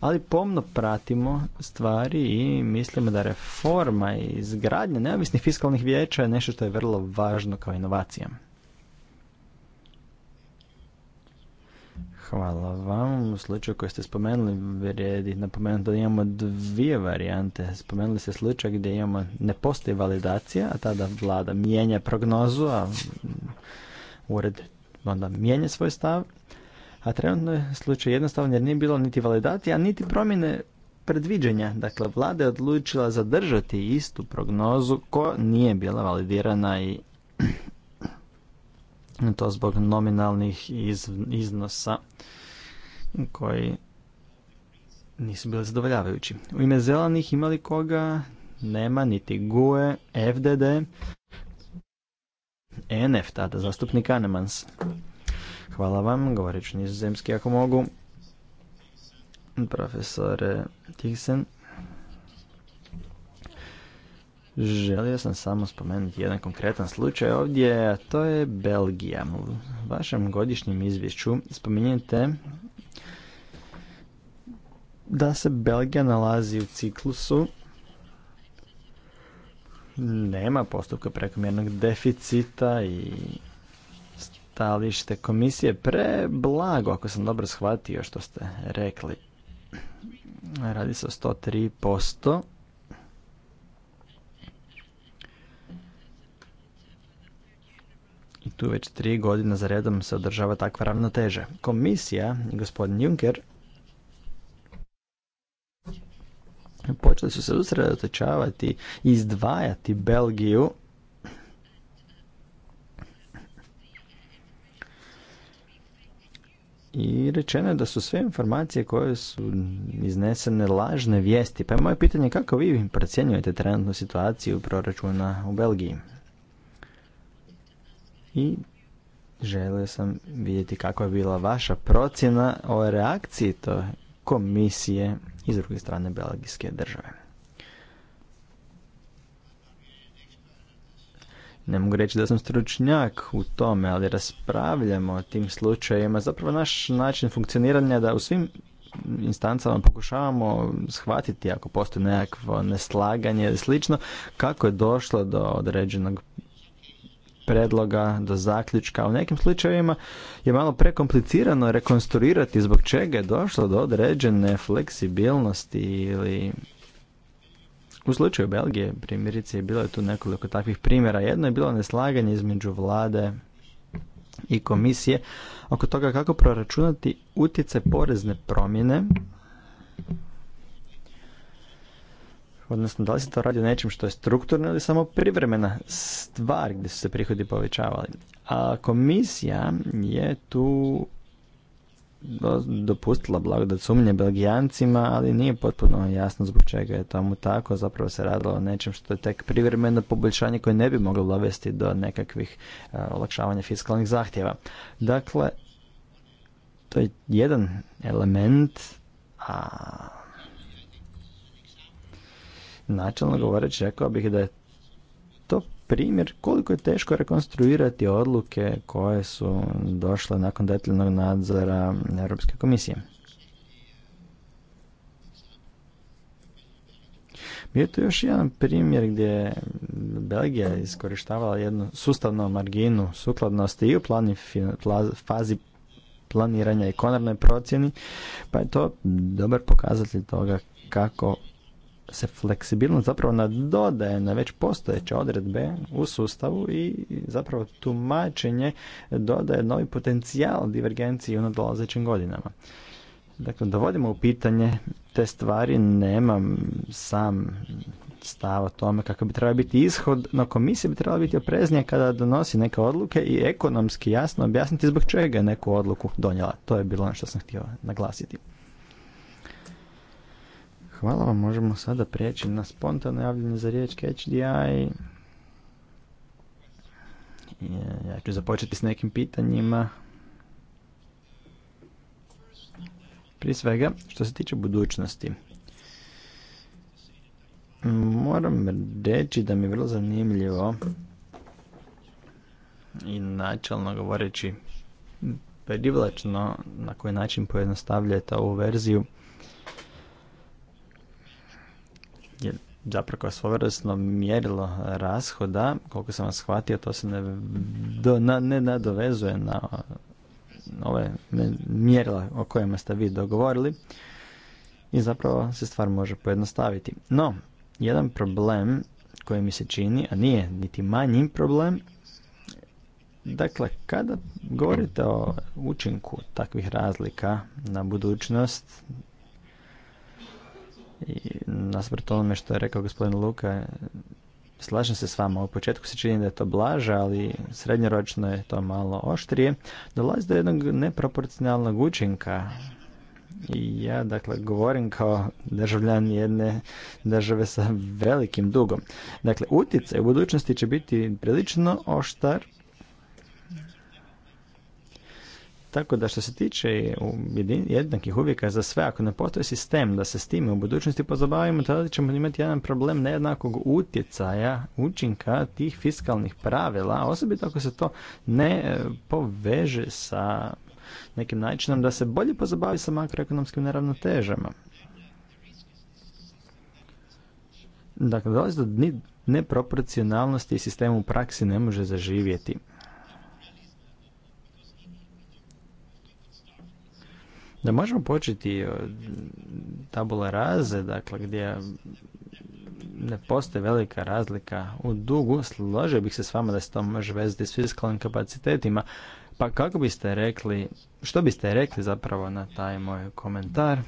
Ali pomno pratimo stvari i mislimo da reforma i izgradnja neovisnih fiskalnih vijeća je nešto što je vrlo važno kao inovacija. Hvala vam. U slučaju koji ste spomenuli, vrijedi napomenuti da imamo dvije varijante. Spomenuli ste slučaj gdje imamo, ne postoji validacija, a tada vlada mijenja prognozu, a ured onda mijenja svoj stav. A trenutno je slučaj jednostavan jer nije bilo niti validacija, niti promjene predviđenja. Dakle, vlada je odlučila zadržati istu prognozu ko nije bila validirana i to zbog nominalnih iznosa koji nisu bili zadovoljavajući. U ime zelanih imali koga? Nema niti GUE, FDD, e NF tada, zastupnik Anemans. Hvala vam, govorit ću nizozemski ako mogu. Profesore Tixen. Želio sam samo spomenuti jedan konkretan slučaj ovdje, a to je Belgija. U vašem godišnjem izvješću spominjete da se Belgija nalazi u ciklusu nema postupka prekomjernog deficita i stalište komisije preblago, ako sam dobro shvatio što ste rekli. Radi se o 103%. I tu već tri godine za redom se održava takva ravnoteža. Komisija i gospodin Juncker počeli su se usredotočavati i izdvajati Belgiju i rečeno je da su sve informacije koje su iznesene lažne vijesti. Pa je moje pitanje kako vi procjenjujete trenutnu situaciju proračuna u Belgiji? i želio sam vidjeti kako je bila vaša procjena o reakciji to komisije iz druge strane belgijske države. Ne mogu reći da sam stručnjak u tome, ali raspravljamo o tim slučajima. Zapravo naš način funkcioniranja da u svim instancama pokušavamo shvatiti ako postoji nekakvo neslaganje ili slično, kako je došlo do određenog predloga do zaključka. U nekim slučajevima je malo prekomplicirano rekonstruirati zbog čega je došlo do određene fleksibilnosti ili u slučaju Belgije primjerice je bilo je tu nekoliko takvih primjera. Jedno je bilo neslaganje između vlade i komisije oko toga kako proračunati utjecaj porezne promjene Odnosno, da li se to radi o nečem što je strukturna ili samo privremena stvar gdje su se prihodi povećavali. A komisija je tu dopustila blagodat sumnje Belgijancima, ali nije potpuno jasno zbog čega je tomu tako. Zapravo se radilo o nečem što je tek privremeno poboljšanje koje ne bi moglo dovesti do nekakvih e, olakšavanja fiskalnih zahtjeva. Dakle, to je jedan element, a Načelno govoreći rekao bih da je to primjer koliko je teško rekonstruirati odluke koje su došle nakon detaljnog nadzora Europske komisije. Bio je to još jedan primjer gdje je Belgija iskorištavala jednu sustavnu marginu sukladnosti i u plani, fazi planiranja i konarnoj procjeni, pa je to dobar pokazatelj toga kako se fleksibilnost zapravo nadodaje na već postojeće odredbe u sustavu i zapravo tumačenje dodaje novi potencijal divergenciji u nadolazećim godinama. Dakle, dovodimo u pitanje te stvari, nemam sam stav o tome kako bi trebao biti ishod, no komisija bi trebala biti opreznija kada donosi neke odluke i ekonomski jasno objasniti zbog čega je neku odluku donijela. To je bilo ono što sam htio naglasiti. Hvala vam, možemo sada prijeći na spontano javljanje za riječ HDI. Ja ću započeti s nekim pitanjima. Prije svega, što se tiče budućnosti. Moram reći da mi je vrlo zanimljivo i načelno govoreći privlačno na koji način pojednostavljate ovu verziju zapravo kao svojevrsno mjerilo rashoda, koliko sam vas shvatio, to se ne, na, ne nadovezuje na ove mjerila o kojima ste vi dogovorili i zapravo se stvar može pojednostaviti. No, jedan problem koji mi se čini, a nije niti manji problem, dakle, kada govorite o učinku takvih razlika na budućnost, i nasprot onome što je rekao gospodin Luka, slažem se s vama, u početku se čini da je to blaže, ali srednjoročno je to malo oštrije. Dolazi do jednog neproporcionalnog učinka. I ja, dakle, govorim kao državljan jedne države sa velikim dugom. Dakle, utjecaj u budućnosti će biti prilično oštar, Tako da što se tiče jednakih uvijeka za sve, ako ne postoji sistem da se s time u budućnosti pozabavimo, tada ćemo imati jedan problem nejednakog utjecaja, učinka tih fiskalnih pravila, osobito ako se to ne e, poveže sa nekim načinom da se bolje pozabavi sa makroekonomskim neravnotežama. Dakle, dolazi do neproporcionalnosti i sistem u praksi ne može zaživjeti. da možemo početi od tabula raze, dakle gdje ne postoji velika razlika u dugu, složio bih se s vama da se to može vezati s fiskalnim kapacitetima, pa kako biste rekli, što biste rekli zapravo na taj moj komentar?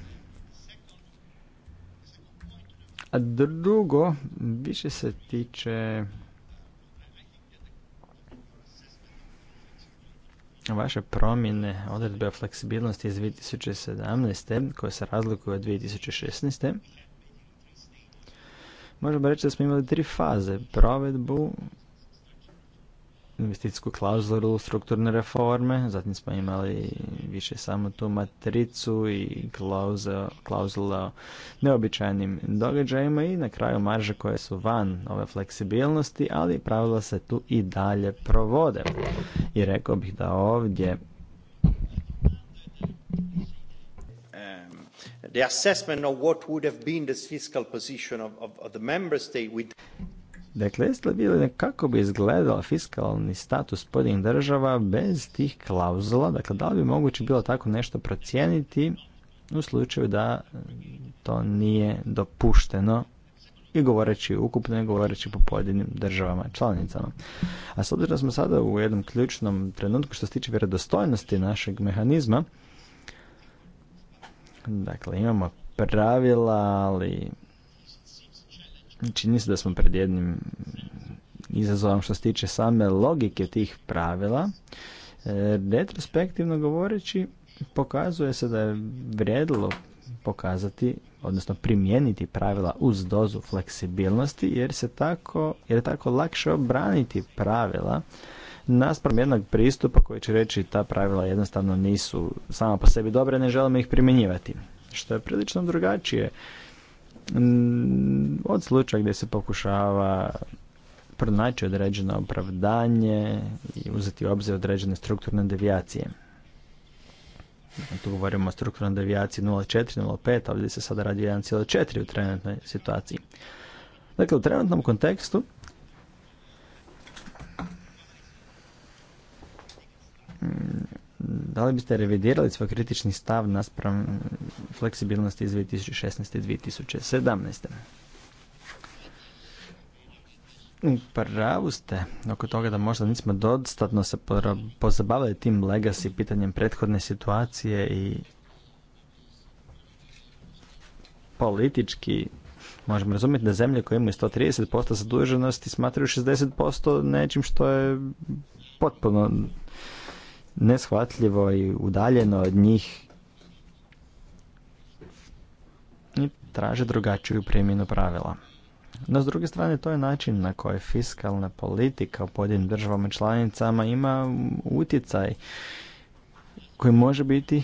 A drugo, više se tiče vaše promjene odredbe o fleksibilnosti iz 2017. koje se razlikuju od 2016. Možemo reći da smo imali tri faze. Provedbu, investicijsku klauzulu strukturne reforme, zatim smo imali više samo tu matricu i klauzula o neobičajnim događajima i na kraju marže koje su van ove fleksibilnosti, ali pravila se tu i dalje provode. I rekao bih da ovdje um, the assessment of what would have been the fiscal position of, of the member state with Dakle, jeste li vidjeli kako bi izgledao fiskalni status pojedinih država bez tih klauzula? Dakle, da li bi moguće bilo tako nešto procijeniti u slučaju da to nije dopušteno i govoreći ukupno i govoreći po pojedinim državama članicama. A s obzirom smo sada u jednom ključnom trenutku što se tiče vjerodostojnosti našeg mehanizma, dakle imamo pravila, ali čini znači, se da smo pred jednim izazovom što se tiče same logike tih pravila. E, retrospektivno govoreći, pokazuje se da je vrijedilo pokazati, odnosno primijeniti pravila uz dozu fleksibilnosti, jer se tako, jer je tako lakše obraniti pravila naspram jednog pristupa koji će reći ta pravila jednostavno nisu sama po sebi dobre, ne želimo ih primjenjivati. Što je prilično drugačije Mm, od slučaja gdje se pokušava pronaći određeno opravdanje i uzeti u obzir određene strukturne devijacije. Dakle, tu govorimo o strukturnoj devijaciji 0,4-0,5, ovdje se sada radi 1,4 u trenutnoj situaciji. Dakle, u trenutnom kontekstu da li biste revidirali svoj kritični stav naspram fleksibilnosti iz 2016. i 2017. pravu ste oko toga da možda nismo dostatno se pozabavili tim legacy pitanjem prethodne situacije i politički možemo razumjeti da zemlje koje imaju 130% zaduženosti smatraju 60% nečim što je potpuno neshvatljivo i udaljeno od njih i traže drugačiju primjenu pravila. No s druge strane to je način na koji fiskalna politika u pojedinim državama članicama ima utjecaj koji može biti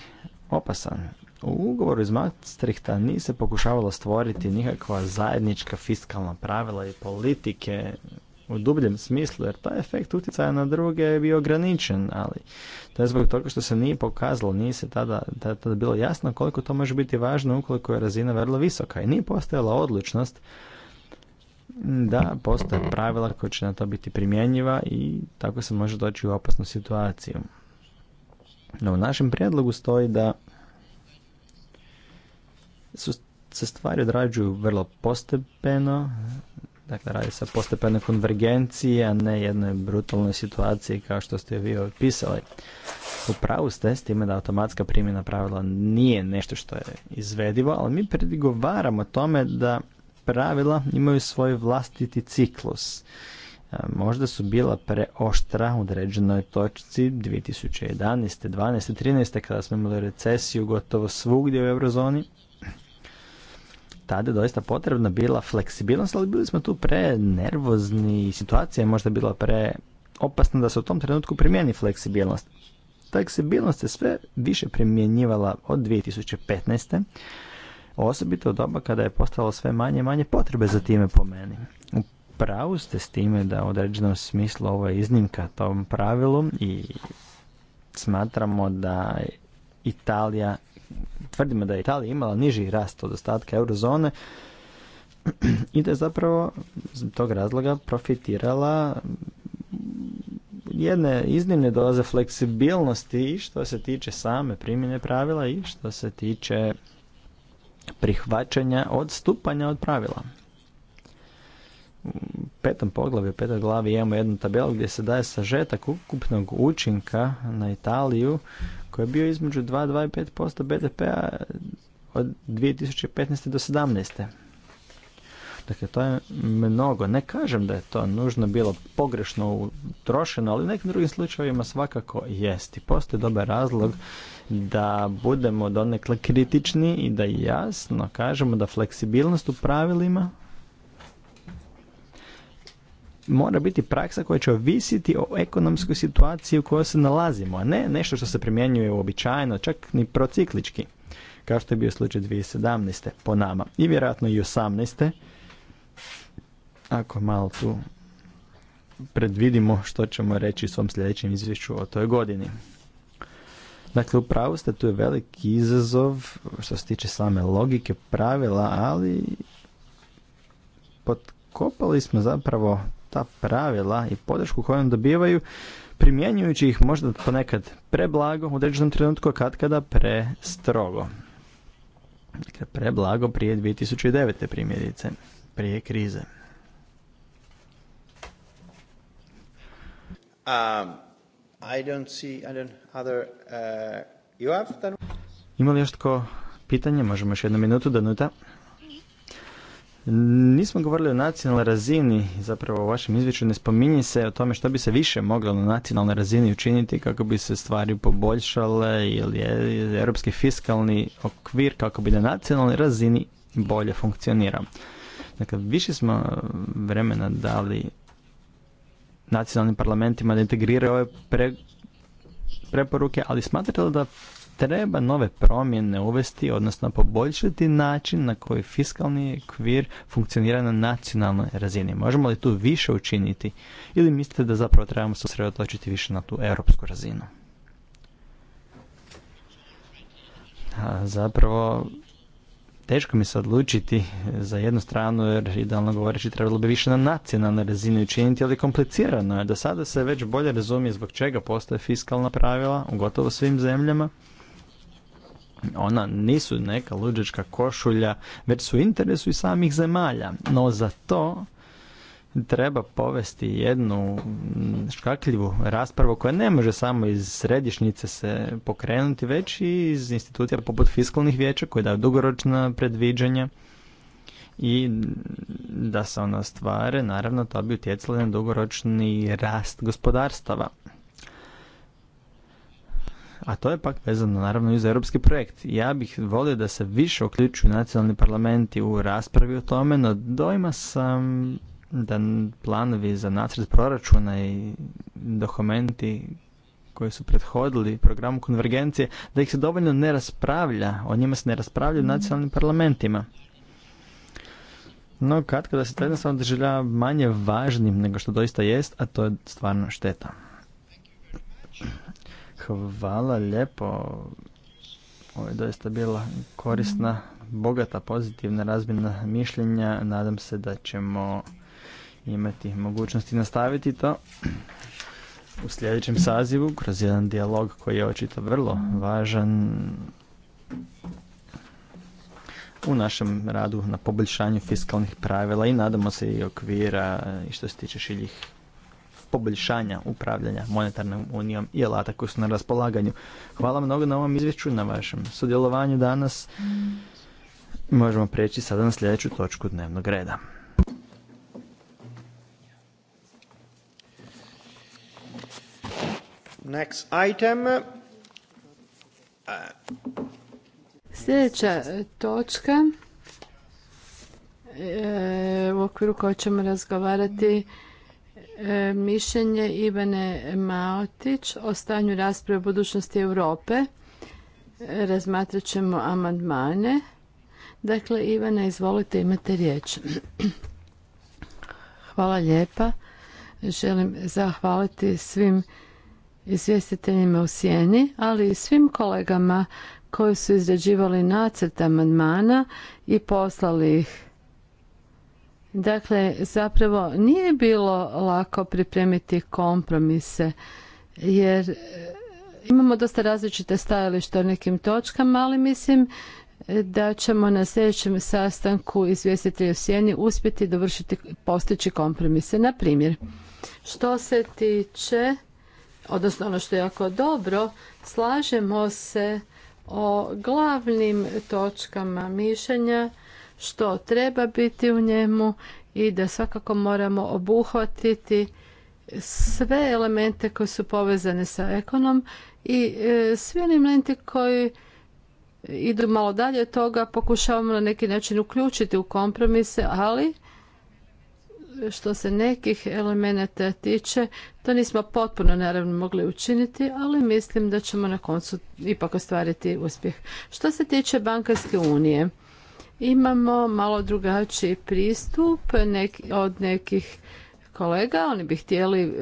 opasan. U ugovoru iz Maastrichta nije se pokušavalo stvoriti nikakva zajednička fiskalna pravila i politike u dubljem smislu, jer taj efekt utjecaja na druge je bio ograničen, ali to je zbog toga što se nije pokazalo, nije se tada, bilo jasno koliko to može biti važno ukoliko je razina vrlo visoka i nije postojala odlučnost da postoje pravila koja će na to biti primjenjiva i tako se može doći u opasnu situaciju. No u našem prijedlogu stoji da su, se stvari odrađuju vrlo postepeno, Dakle, radi se o postepenoj konvergenciji, a ne jednoj brutalnoj situaciji kao što ste vi opisali. U pravu ste s time da automatska primjena pravila nije nešto što je izvedivo, ali mi predigovaramo tome da pravila imaju svoj vlastiti ciklus. E, možda su bila preoštra u određenoj točci 2011. 12. 13. kada smo imali recesiju gotovo svugdje u eurozoni, tada doista potrebna bila fleksibilnost, ali bili smo tu pre nervozni i situacija je možda bila pre opasna da se u tom trenutku primjeni fleksibilnost. Fleksibilnost se sve više primjenjivala od 2015 osobito u doba kada je postalo sve manje i manje potrebe za time po meni. U pravu ste s time da u određenom smislu ovo je iznimka tom pravilu i smatramo da Italija tvrdimo da je Italija imala niži rast od ostatka eurozone i da je zapravo zbog tog razloga profitirala jedne iznimne doze fleksibilnosti i što se tiče same primjene pravila i što se tiče prihvaćanja odstupanja od pravila petom poglavlju, petoj glavi imamo jednu tabelu gdje se daje sažetak ukupnog učinka na Italiju koji je bio između 2 i BDP-a od 2015. do 2017. Dakle, to je mnogo. Ne kažem da je to nužno bilo pogrešno utrošeno, ali u nekim drugim slučajevima svakako jest. I postoji dobar razlog da budemo donekle kritični i da jasno kažemo da fleksibilnost u pravilima mora biti praksa koja će ovisiti o ekonomskoj situaciji u kojoj se nalazimo, a ne nešto što se primjenjuje uobičajeno, čak ni prociklički, kao što je bio slučaj 2017. po nama i vjerojatno i 18. Ako malo tu predvidimo što ćemo reći u svom sljedećem izvješću o toj godini. Dakle, pravu ste, tu je veliki izazov što se tiče same logike pravila, ali potkopali smo zapravo ta pravila i podršku koju dobivaju, primjenjujući ih možda ponekad preblago u određenom trenutku, kad kada prestrogo. Dakle, preblago prije 2009. primjerice, prije krize. Um, I don't uh, li još tko pitanje? Možemo još jednu minutu, Danuta. Nismo govorili o nacionalnoj razini, zapravo u vašem izvješću ne spominje se o tome što bi se više moglo na nacionalnoj razini učiniti kako bi se stvari poboljšale ili je europski fiskalni okvir kako bi na nacionalnoj razini bolje funkcionirao. Dakle, više smo vremena dali nacionalnim parlamentima da integriraju ove pre, preporuke, ali smatrate da treba nove promjene uvesti, odnosno poboljšati način na koji fiskalni kvir funkcionira na nacionalnoj razini. Možemo li tu više učiniti ili mislite da zapravo trebamo se sredotočiti više na tu europsku razinu? A zapravo teško mi se odlučiti za jednu stranu jer idealno govoreći trebalo bi više na nacionalnoj razini učiniti, ali komplicirano je. Do sada se već bolje razumije zbog čega postoje fiskalna pravila u gotovo svim zemljama ona nisu neka luđačka košulja, već su interesu i samih zemalja. No za to treba povesti jednu škakljivu raspravu koja ne može samo iz središnjice se pokrenuti, već i iz institucija poput fiskalnih vijeća koje daju dugoročna predviđanja i da se ona stvare, naravno to bi utjecalo na dugoročni rast gospodarstava a to je pak vezano naravno i za europski projekt. Ja bih volio da se više uključuju nacionalni parlamenti u raspravi o tome, no dojma sam da planovi za nacrt proračuna i dokumenti koji su prethodili programu konvergencije, da ih se dovoljno ne raspravlja, o njima se ne raspravlja u mhm. nacionalnim parlamentima. No, kad kada se to jednostavno doživljava manje važnim nego što doista jest, a to je stvarno šteta. Hvala lijepo. Ovo je doista bila korisna, bogata, pozitivna razmjena mišljenja. Nadam se da ćemo imati mogućnosti nastaviti to u sljedećem sazivu kroz jedan dijalog koji je očito vrlo važan u našem radu na poboljšanju fiskalnih pravila i nadamo se i okvira i što se tiče šiljih poboljšanja upravljanja monetarnom unijom i alata koji su na raspolaganju. Hvala mnogo na ovom izvješću, na vašem sudjelovanju danas. Možemo preći sada na sljedeću točku dnevnog reda. Next item. Uh, Sljedeća točka e, u okviru koje ćemo razgovarati E, mišljenje Ivane Maotić o stanju rasprave o budućnosti Europe. E, razmatrat ćemo amandmane. Dakle, Ivana, izvolite, imate riječ. Hvala lijepa. Želim zahvaliti svim izvjestiteljima u sjeni, ali i svim kolegama koji su izrađivali nacrt amandmana i poslali ih Dakle, zapravo nije bilo lako pripremiti kompromise jer e, imamo dosta različite stajališta o nekim točkama, ali mislim e, da ćemo na sljedećem sastanku izvjestiti o sjeni uspjeti dovršiti postići kompromise. Na primjer, što se tiče, odnosno ono što je jako dobro, slažemo se o glavnim točkama mišljenja što treba biti u njemu i da svakako moramo obuhvatiti sve elemente koji su povezane sa ekonom i e, svi elementi koji idu malo dalje od toga pokušavamo na neki način uključiti u kompromise, ali što se nekih elemenata tiče, to nismo potpuno naravno mogli učiniti, ali mislim da ćemo na koncu ipak ostvariti uspjeh. Što se tiče bankarske unije, Imamo malo drugačiji pristup od nekih kolega, oni bi htjeli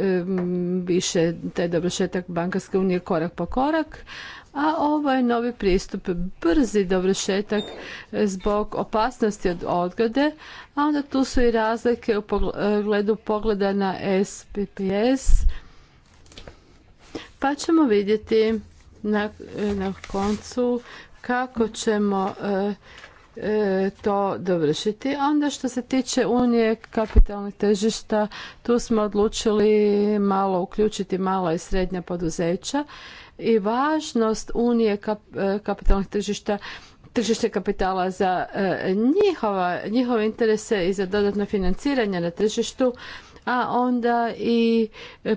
više taj dobrošetak bankarske unije korak po korak, a ovo je novi pristup, brzi dovršetak zbog opasnosti od odgode, a onda tu su i razlike u pogledu pogleda na SPPS, pa ćemo vidjeti na, na koncu kako ćemo eh, E, to dovršiti. Onda što se tiče Unije kapitalnih tržišta, tu smo odlučili malo uključiti mala i srednja poduzeća i važnost Unije e, kapitalnih tržišta tržište kapitala za e, njihove interese i za dodatno financiranje na tržištu a onda i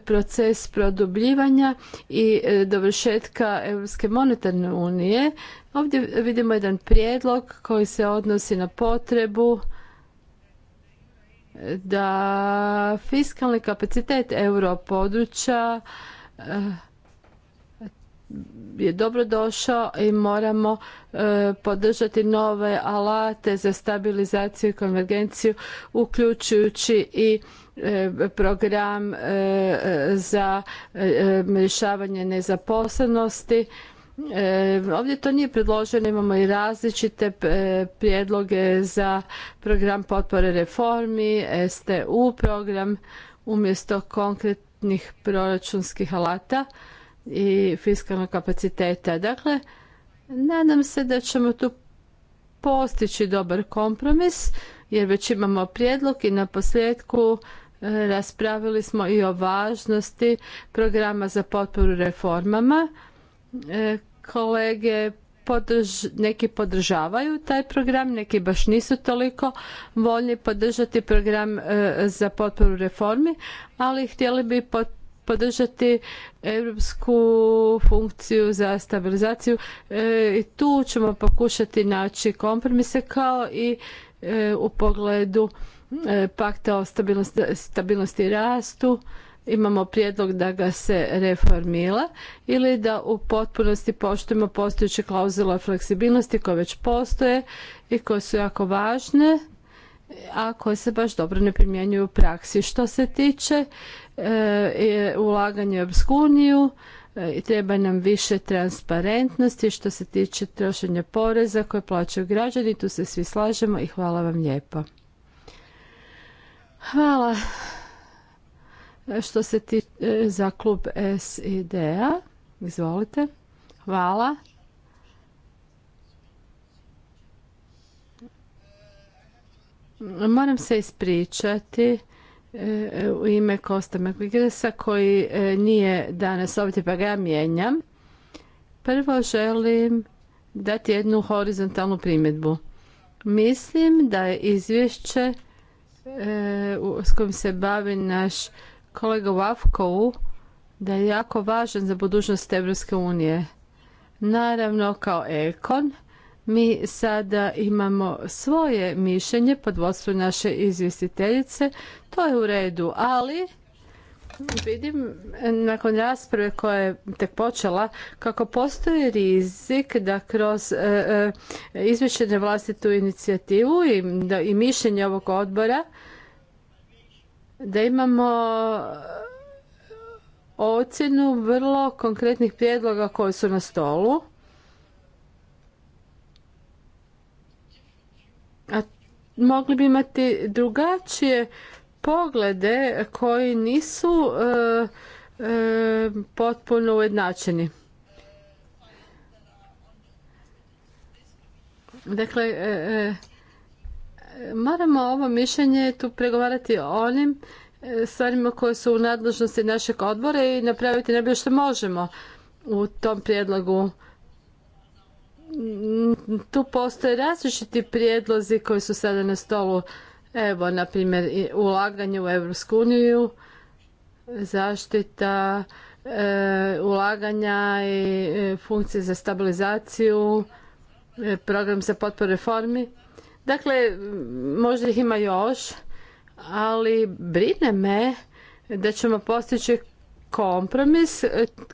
proces produbljivanja i dovršetka Europske monetarne unije Ovdje vidimo jedan prijedlog koji se odnosi na potrebu da fiskalni kapacitet europodručja eh, je dobro došao i moramo eh, podržati nove alate za stabilizaciju i konvergenciju uključujući i eh, program za rješavanje nezaposlenosti E, ovdje to nije predloženo, imamo i različite e, prijedloge za program potpore reformi, STU program umjesto konkretnih proračunskih alata i fiskalnog kapaciteta. Dakle, nadam se da ćemo tu postići dobar kompromis jer već imamo prijedlog i na posljedku e, raspravili smo i o važnosti programa za potporu reformama E, kolege neki podržavaju taj program, neki baš nisu toliko voljni podržati program e, za potporu reformi, ali htjeli bi podržati europsku funkciju za stabilizaciju e, i tu ćemo pokušati naći kompromise kao i u pogledu pakta o stabilnosti i rastu imamo prijedlog da ga se reformila ili da u potpunosti poštujemo postojeće klauzule o fleksibilnosti koje već postoje i koje su jako važne a koje se baš dobro ne primjenjuju u praksi. Što se tiče e, ulaganja u Europsku e, i treba nam više transparentnosti što se tiče trošenja poreza koje plaćaju građani. Tu se svi slažemo i hvala vam lijepo. Hvala. Što se ti e, za klub SID-a, izvolite. Hvala. Moram se ispričati e, u ime Kosta Mekvigresa koji e, nije danas ovdje pa ga mijenjam. Prvo želim dati jednu horizontalnu primjedbu. Mislim da je izvješće s kojim se bavi naš kolega Vavkovu da je jako važan za budućnost Evropske unije. Naravno, kao ekon, mi sada imamo svoje mišljenje pod vodstvom naše izvjestiteljice. To je u redu, ali vidim nakon rasprave koja je tek počela kako postoji rizik da kroz e, e, izvješće na vlastitu inicijativu da, i mišljenje ovog odbora da imamo e, ocjenu vrlo konkretnih prijedloga koji su na stolu. A mogli bi imati drugačije poglede koji nisu e, e, potpuno ujednačeni. Dakle, moramo ovo mišljenje tu pregovarati o onim e, stvarima koje su u nadležnosti našeg odbora i napraviti najbolje što možemo u tom prijedlogu. Tu postoje različiti prijedlozi koji su sada na stolu. Evo, na primjer, ulaganje u Evropsku uniju, zaštita e, ulaganja i e, funkcije za stabilizaciju, program za potporu reformi. Dakle, možda ih ima još, ali brine me da ćemo postići kompromis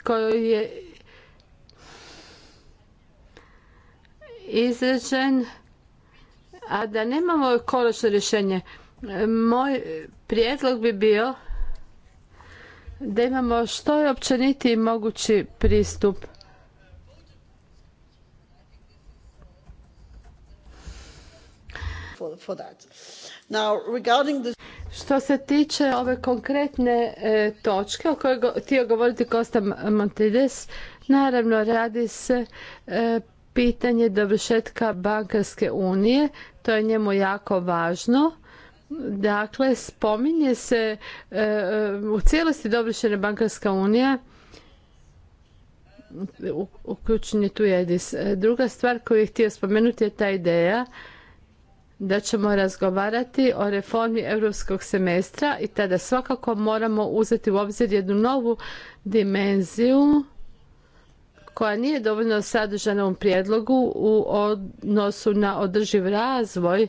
koji je izrađen, a da nemamo konačno rješenje. Moj prijedlog bi bio da imamo što je općeniti mogući pristup Što se tiče ove konkretne e, točke o kojoj go, htio govoriti Kosta Montides, naravno radi se e, pitanje dovršetka bankarske unije, to je njemu jako važno. Dakle, spominje se e, u cijelosti dovršena bankarska unija, uključen je tu jedis. Druga stvar koju je htio spomenuti je ta ideja da ćemo razgovarati o reformi europskog semestra i tada svakako moramo uzeti u obzir jednu novu dimenziju koja nije dovoljno sadržana u prijedlogu u odnosu na održiv razvoj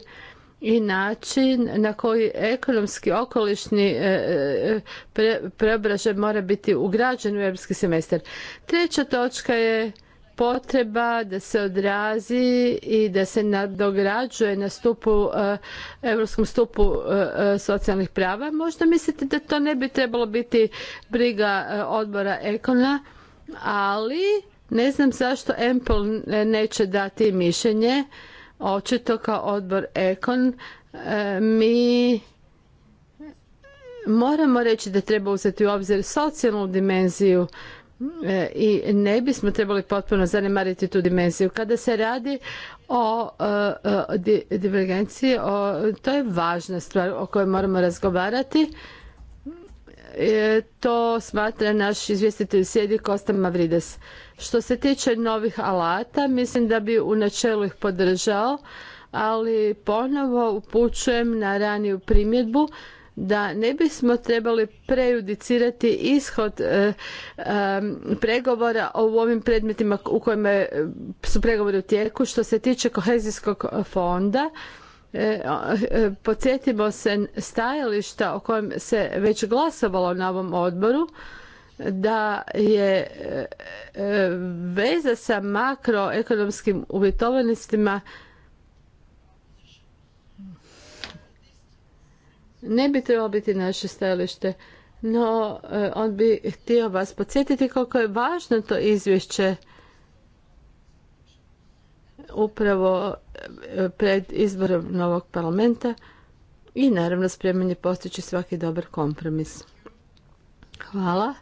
i način na koji ekonomski okolišni e, e, preobražaj mora biti ugrađen u europski semestar. Treća točka je potreba da se odrazi i da se nadograđuje na stupu, eh, europskom stupu eh, eh, socijalnih prava. Možda mislite da to ne bi trebalo biti briga odbora Econa, ali ne znam zašto Empol neće dati mišljenje. Očito kao odbor Ekon mi moramo reći da treba uzeti u obzir socijalnu dimenziju E, i ne bismo trebali potpuno zanemariti tu dimenziju. Kada se radi o, e, e, divergenciji, to je važna stvar o kojoj moramo razgovarati. To smatra naš izvjestitelj sjedi Kosta Mavrides. Što se tiče novih alata, mislim da bi u načelu ih podržao, ali ponovo upućujem na raniju primjedbu da ne bismo trebali prejudicirati ishod e, e, pregovora u ovim predmetima u kojima e, su pregovori u tijeku. Što se tiče kohezijskog fonda, podsjetimo se stajališta o kojem se već glasovalo na ovom odboru da je veza sa makroekonomskim uvjetovanostima ne bi trebalo biti naše stajalište, no e, on bi htio vas podsjetiti koliko je važno to izvješće upravo e, pred izborom novog parlamenta i naravno spremanje postići svaki dobar kompromis. Hvala.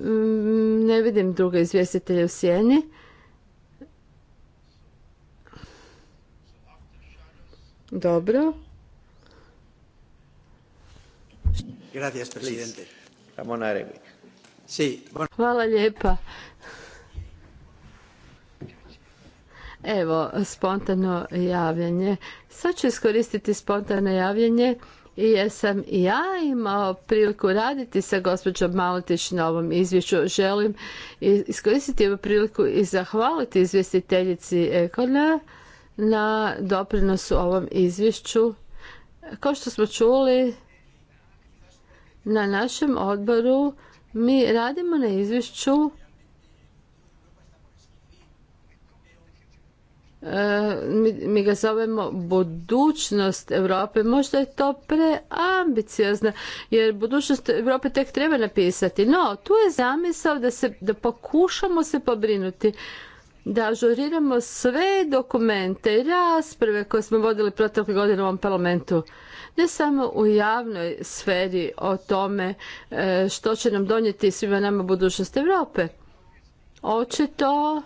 Mm, ne vidim druge izvjestitelje u sjeni. Dobro. Hvala lijepa. Evo, spontano javljanje. Sad ću iskoristiti spontano javljanje jer sam i ja imao priliku raditi sa gospođom Maletić na ovom izvješću. Želim iskoristiti ovu priliku i zahvaliti izvjestiteljici Ekona na doprinosu ovom izvješću. Kao što smo čuli, na našem odboru mi radimo na izvješću e, mi ga zovemo budućnost Europe. Možda je to preambiciozna jer budućnost Europe tek treba napisati. No, tu je zamisao da, se, da pokušamo se pobrinuti da ažuriramo sve dokumente i rasprave koje smo vodili protekle godine u ovom parlamentu ne samo u javnoj sferi o tome e, što će nam donijeti svima nama budućnost Europe. Očito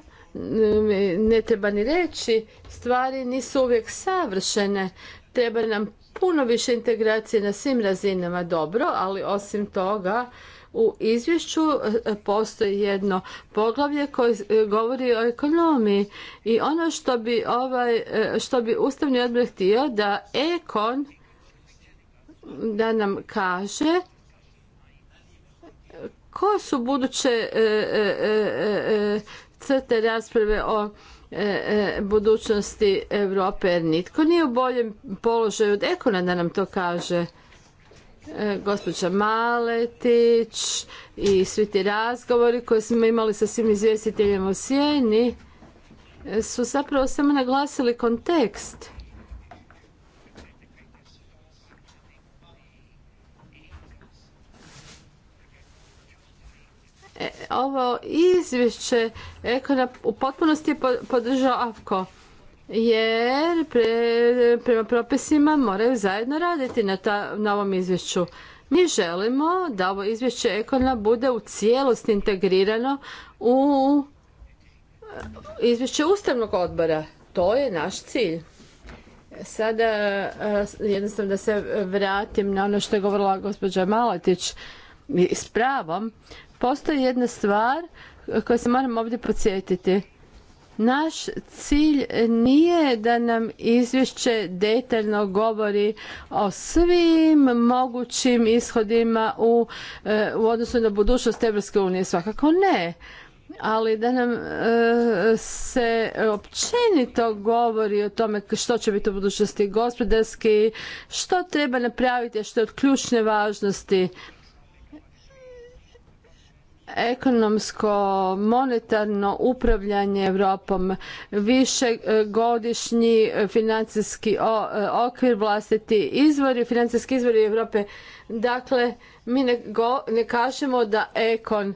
ne treba ni reći, stvari nisu uvijek savršene. Treba nam puno više integracije na svim razinama, dobro, ali osim toga u izvješću e, postoji jedno poglavlje koje e, govori o ekonomiji i ono što bi, ovaj, što bi Ustavni odbor htio da ekon da nam kaže koje su buduće e, e, e, crte rasprave o budućnosti Evrope. jer nitko nije u boljem položaju od Ekona da nam to kaže gospođa Maletić i svi ti razgovori koje smo imali sa svim izvjestiteljem u Sjeni su zapravo samo naglasili kontekst E, ovo izvješće Ekona u potpunosti podržao Avko. jer prema propisima moraju zajedno raditi na, ta, na ovom izvješću. Mi želimo da ovo izvješće Ekona bude u cijelosti integrirano u izvješće Ustavnog odbora. To je naš cilj. Sada e, jednostavno da se vratim na ono što je govorila gospođa Malatić s pravom. Postoji jedna stvar koju se moram ovdje podsjetiti. Naš cilj nije da nam izvješće detaljno govori o svim mogućim ishodima u, e, u odnosu na budućnost Evropske unije. Svakako ne ali da nam e, se općenito govori o tome što će biti u budućnosti gospodarski, što treba napraviti, što je od ključne važnosti ekonomsko monetarno upravljanje Europom, višegodišnji financijski okvir vlastiti izvori, financijski izvori Europe. Dakle, mi ne, kažemo da ekon e,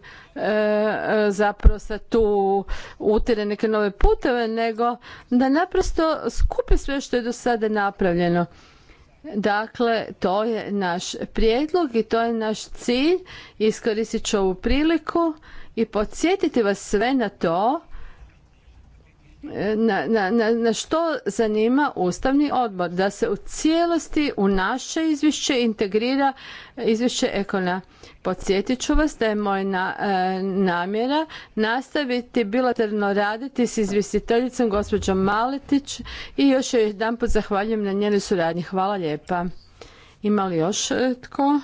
zapravo sad tu utire neke nove puteve, nego da naprosto skupi sve što je do sada napravljeno. Dakle, to je naš prijedlog i to je naš cilj. Iskoristit ću ovu priliku i podsjetiti vas sve na to na, na, na što zanima Ustavni odbor? Da se u cijelosti u naše izvješće integrira e, izvješće Ekona. Podsjetit ću vas da je moja na, e, namjera nastaviti bilaterno raditi s izvjestiteljicom gospođom Maletić i još jedan put zahvaljujem na njenoj suradnji. Hvala lijepa. Ima li još e, tko?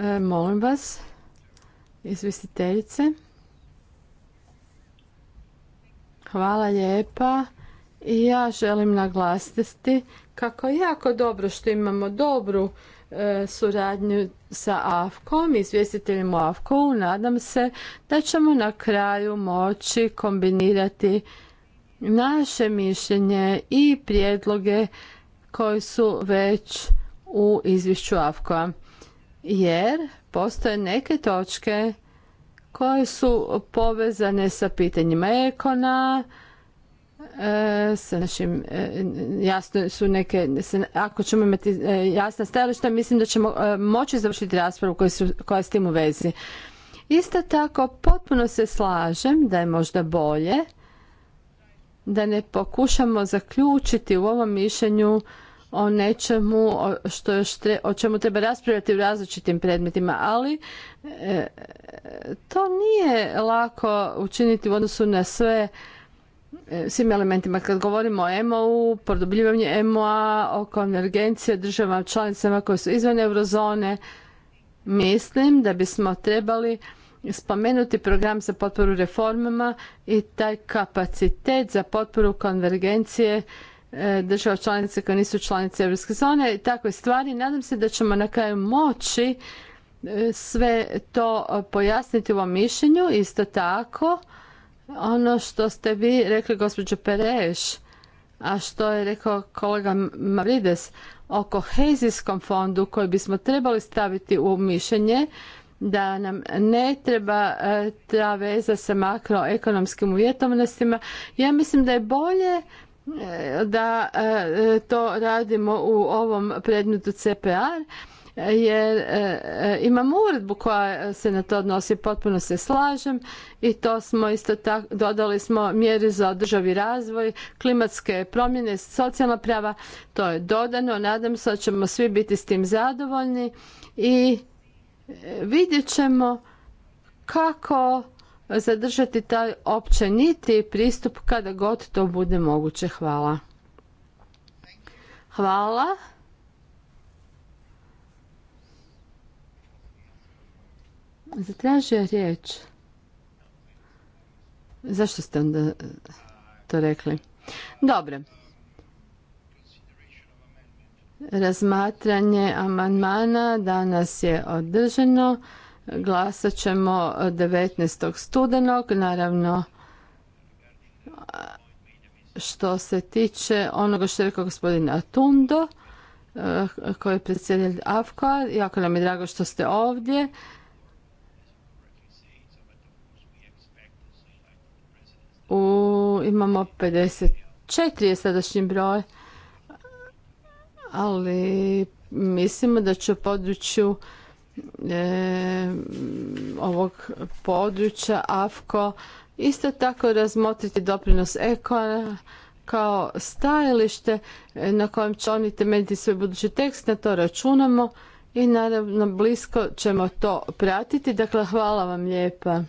E, molim vas, izvjestiteljice. Hvala lijepa. I ja želim naglasiti kako je jako dobro što imamo dobru e, suradnju sa AFKOM, izvjestiteljem u AFKOM. Nadam se da ćemo na kraju moći kombinirati naše mišljenje i prijedloge koji su već u izvješću AFK-a Jer postoje neke točke koje su povezane sa pitanjima ekona, e, sa našim, e, jasno su neke, ako ćemo imati e, jasna stajališta, mislim da ćemo moći završiti raspravu koja, je s tim u vezi. Isto tako, potpuno se slažem da je možda bolje da ne pokušamo zaključiti u ovom mišljenju o nečemu što o čemu treba raspravljati u različitim predmetima, ali to nije lako učiniti u odnosu na sve e, svim elementima. Kad govorimo o EMO-u, produbljivanju EMO-a, o konvergencije državama članicama koje su izvan eurozone, mislim da bismo trebali spomenuti program za potporu reformama i taj kapacitet za potporu konvergencije e, država članice koje nisu članice europske zone i takve stvari. Nadam se da ćemo na kraju moći sve to pojasniti u ovom mišljenju. Isto tako, ono što ste vi rekli, gospođo Pereš, a što je rekao kolega Mavrides, o kohezijskom fondu koji bismo trebali staviti u mišljenje, da nam ne treba e, ta veza sa makroekonomskim uvjetovnostima. Ja mislim da je bolje e, da e, to radimo u ovom predmetu CPR, jer e, e, imamo uredbu koja se na to odnosi, potpuno se slažem i to smo isto tako, dodali smo mjere za državi razvoj, klimatske promjene, socijalna prava, to je dodano, nadam se da ćemo svi biti s tim zadovoljni i e, vidjet ćemo kako zadržati taj općeniti pristup kada god to bude moguće. Hvala. Hvala. zatražio riječ. Zašto ste onda e, to rekli? Dobro. Razmatranje amandmana danas je održano. Glasat ćemo 19. studenog. Naravno, što se tiče onoga što je rekao gospodin Atundo, e, koji je predsjednik AFKA, jako nam je drago što ste ovdje. u, imamo 54 je sadašnji broj, ali mislimo da će u području e, ovog područja AFKO isto tako razmotriti doprinos eko kao stajalište e, na kojem će oni temeljiti svoj budući tekst, na to računamo i naravno blisko ćemo to pratiti. Dakle, hvala vam lijepa.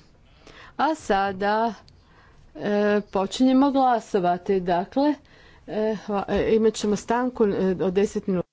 A sada E, počinjemo glasovati. Dakle, e, e, imat ćemo stanku od 10 minuta.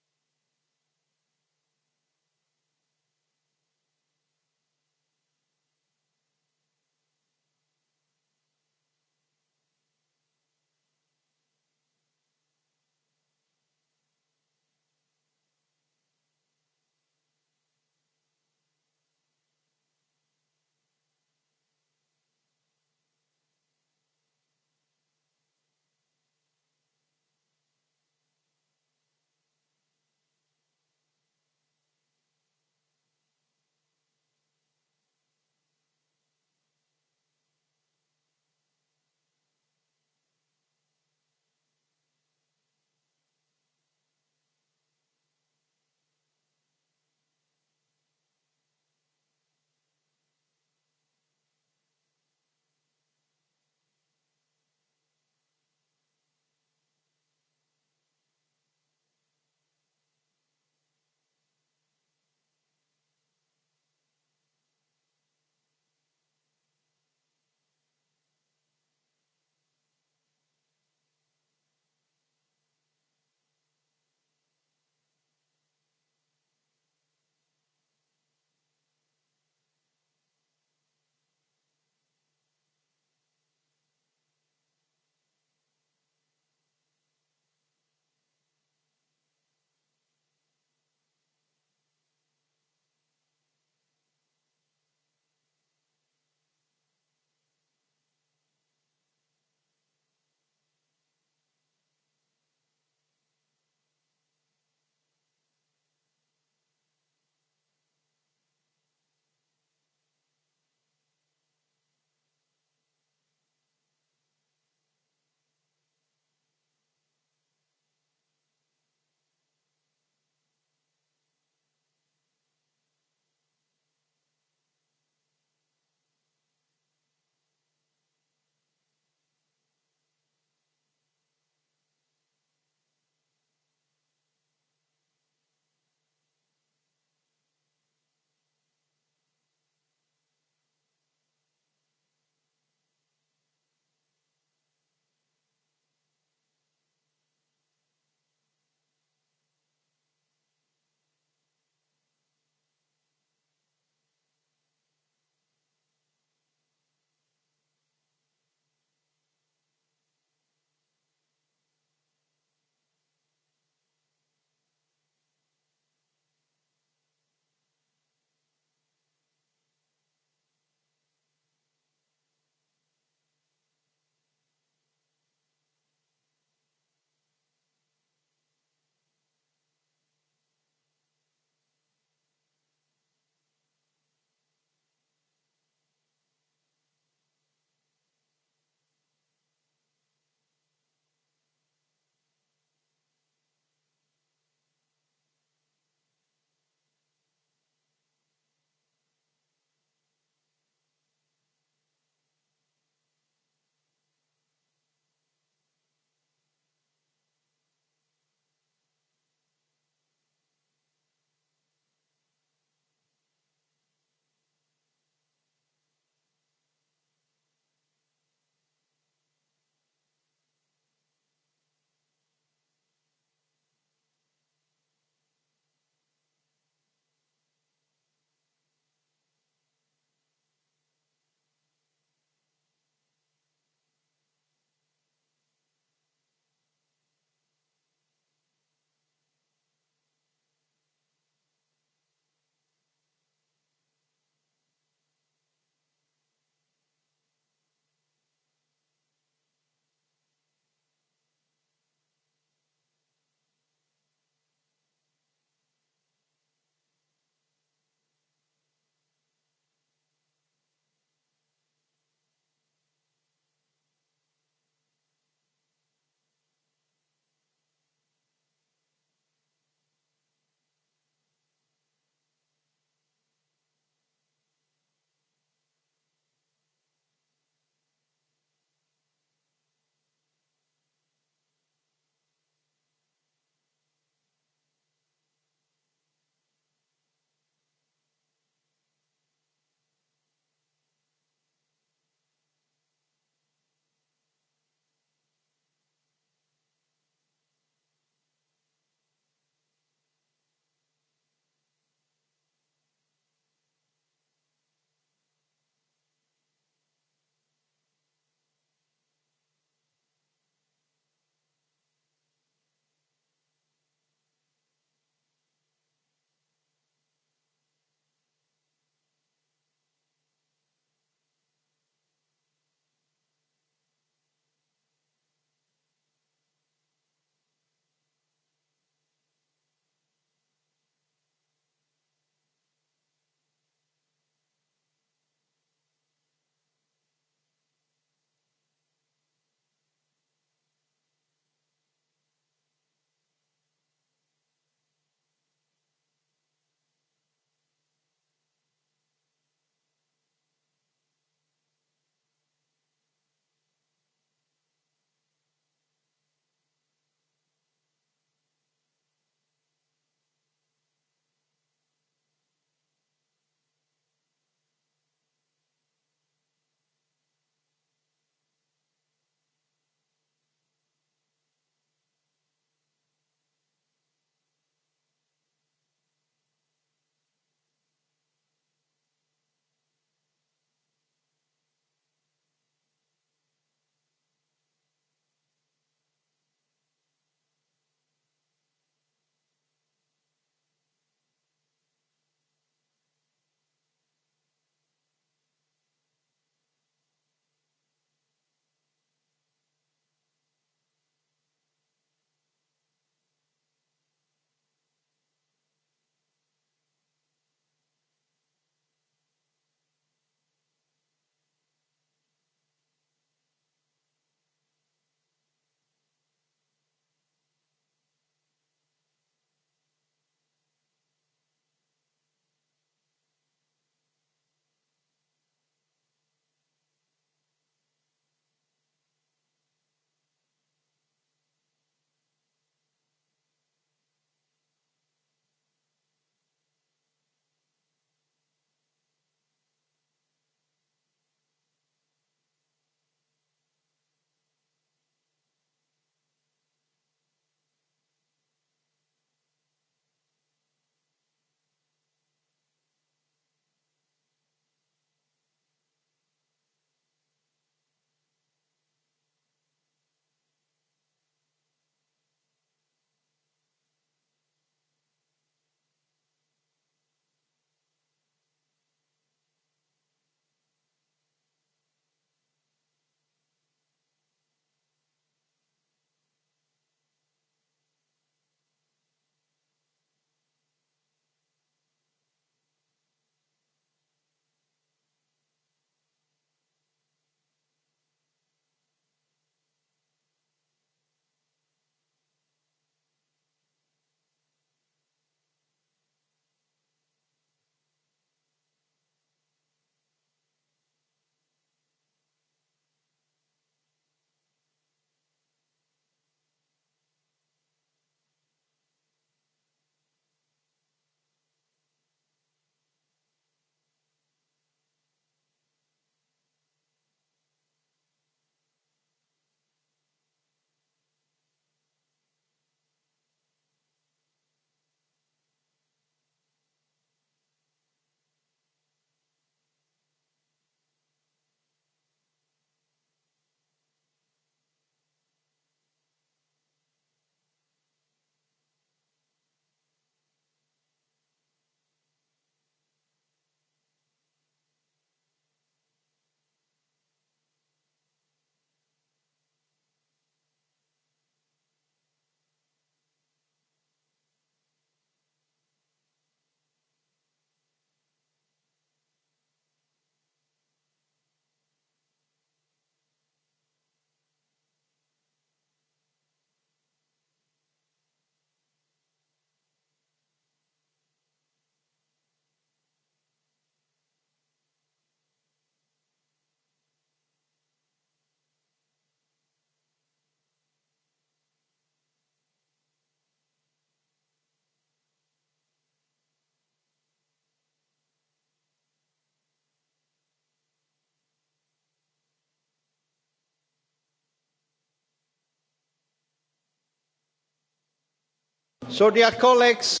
Što Koleks.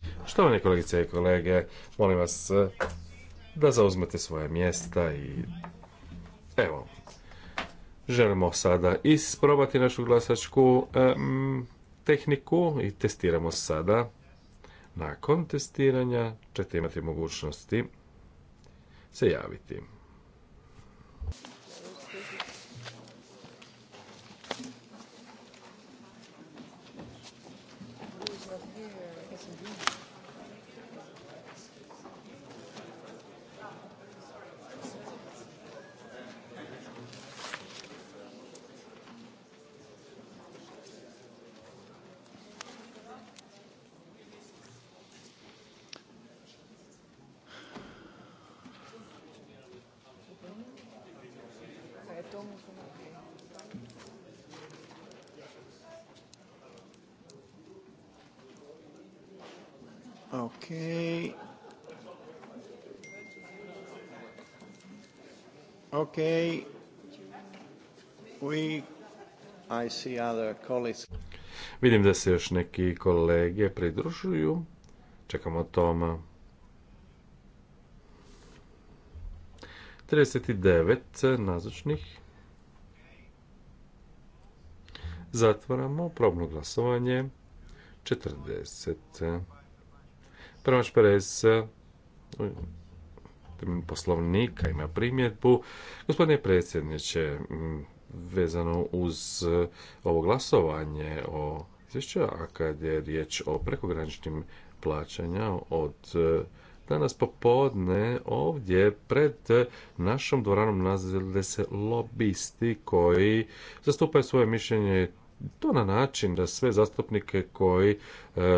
kolegice i kolege, molim vas eh, da zauzmete svoje mjesta i evo, želimo sada isprobati našu glasačku tehniku i testiramo sada. Nakon testiranja ćete imati mogućnosti se javiti. Vidim da se još neki kolege pridružuju. Čekamo Toma. 39 nazočnih. Zatvaramo probno glasovanje. 40. Prva šperes poslovnika ima primjedbu. Gospodine predsjedniče, vezano uz eh, ovo glasovanje o izvješću, a kad je riječ o prekograničnim plaćanja od eh, danas popodne ovdje pred eh, našom dvoranom nalaze se lobisti koji zastupaju svoje mišljenje to na način da sve zastupnike koji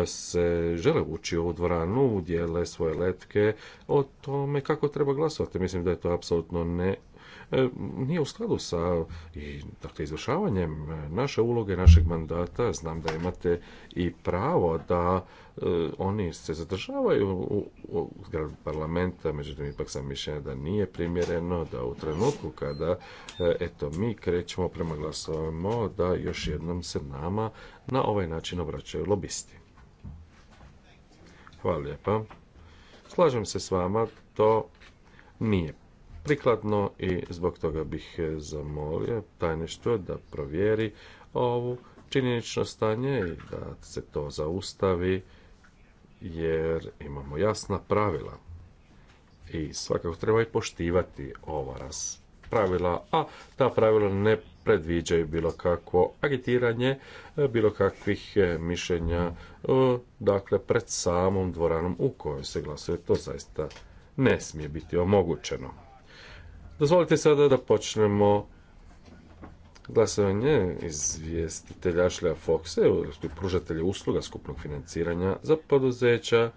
se žele ući u dvoranu udjele svoje letke o tome kako treba glasovati. Mislim da je to apsolutno ne E, nije u skladu sa i, dakle, izvršavanjem e, naše uloge, našeg mandata. Znam da imate i pravo da e, oni se zadržavaju u, zgradu parlamenta, međutim ipak sam mišljenja da nije primjereno da u trenutku kada eto mi krećemo prema glasovima da još jednom se nama na ovaj način obraćaju lobisti. Hvala lijepa. Slažem se s vama, to nije prikladno i zbog toga bih e, zamolio tajništvo da provjeri ovu činjenično stanje i da se to zaustavi jer imamo jasna pravila i svakako treba i poštivati ova raz pravila, a ta pravila ne predviđaju bilo kakvo agitiranje, e, bilo kakvih e, mišljenja, dakle pred samom dvoranom u kojoj se glasuje, to zaista ne smije biti omogućeno. Dozvolite sada da počnemo glasovanje izvjestitelja Ashlea Foxe, pružatelja usluga skupnog financiranja za poduzeća.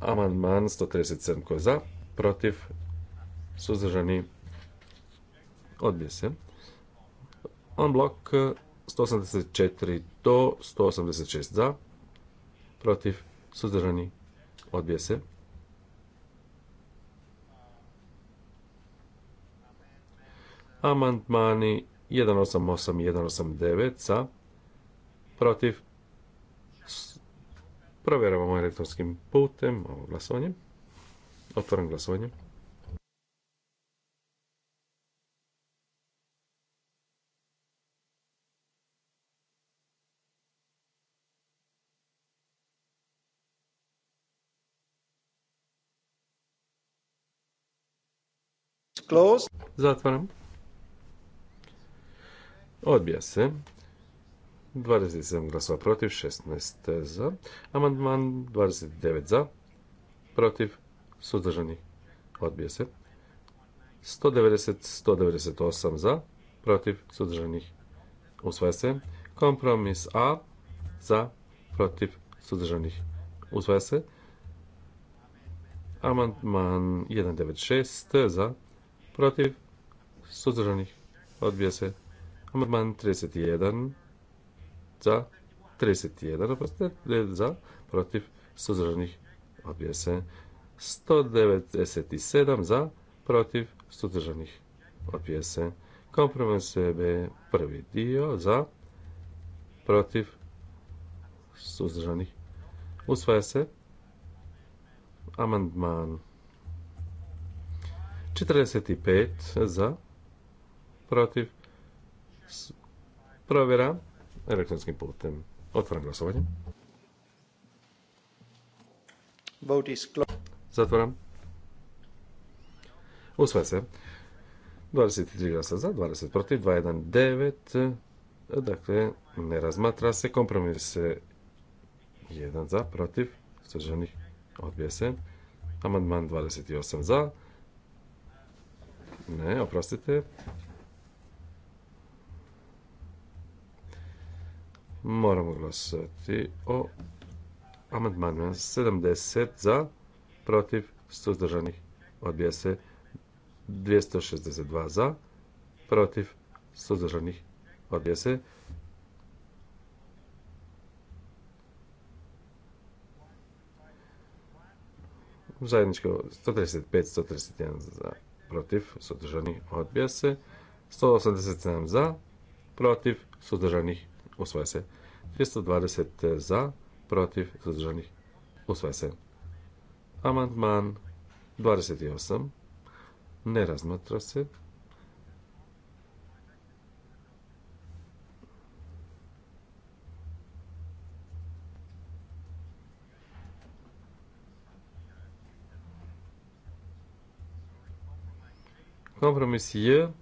Amandman 137 koji je za, protiv, suzdržani, odbije se. On blok 184 do 186 za, protiv, suzdržani, odbije se. Amantmani 188189 i 189 za, protiv, provjeravamo elektronskim putem, ovo glasovanje, Otvaram glasovanje. Zatvaram. Odbija se. 27 glasova protiv, 16 za. Amandman 29 za, protiv, suzdržani. Odbija se. 190, 198 za, protiv, suzdržanih. Usvaja se. Kompromis A za, protiv, suzdržanih. Usvaja se. Amandman 196 za, protiv, suzdržanih. Odbija se. Amandman 31 za 31, oprostite, za, protiv, suzdržanih, odbija se. 197 za, protiv, suzdržanih, odbija se. Kompromis sebe. prvi dio, za, protiv, suzdržanih, usvaja se. Amandman 45 za, protiv, Provjera elektronskim putem. Otvaram glasovanje. Vote is Zatvaram. se. 23 glasa za, 20 protiv, 9 Dakle, ne razmatra se kompromis. 1 za, protiv, suzdržanih odbija se. Amandman 28 za. Ne, oprostite. Moramo glasati o amandmanima 70 za, protiv, suzdržanih, odbija 262 za, protiv, suzdržanih, odbija se 135, 131 za, protiv, suzdržani, odbija se. 187 za, protiv, suzdržanih, usvaja se. 320 za, protiv, suzdržanih, usvaja se. Amandman 28 ne razmatra se. Kompromis je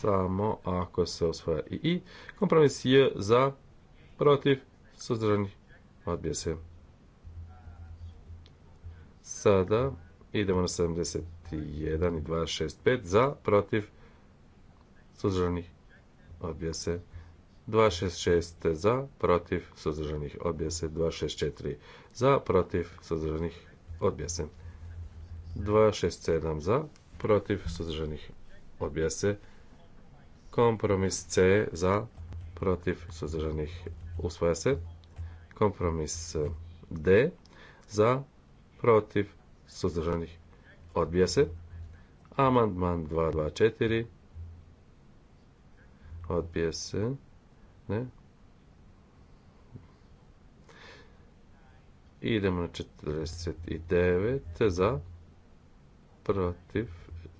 samo ako se osvoja i i. Kompromis je za, protiv, suzdržanih, odbije se. Sada idemo na 71 i 265 za, protiv, suzdržanih, odbija se. 266 za, protiv, suzdržanih, odbija se. 264 za, protiv, suzdržanih, odbija se. 267 za, protiv, suzdržanih, odbija se. Kompromis C za, protiv suzdržanih usvaja se. Kompromis e, D za, protiv suzdržanih odbija se. Amandman 224 odbija se. Ne. Idemo na 49 za protiv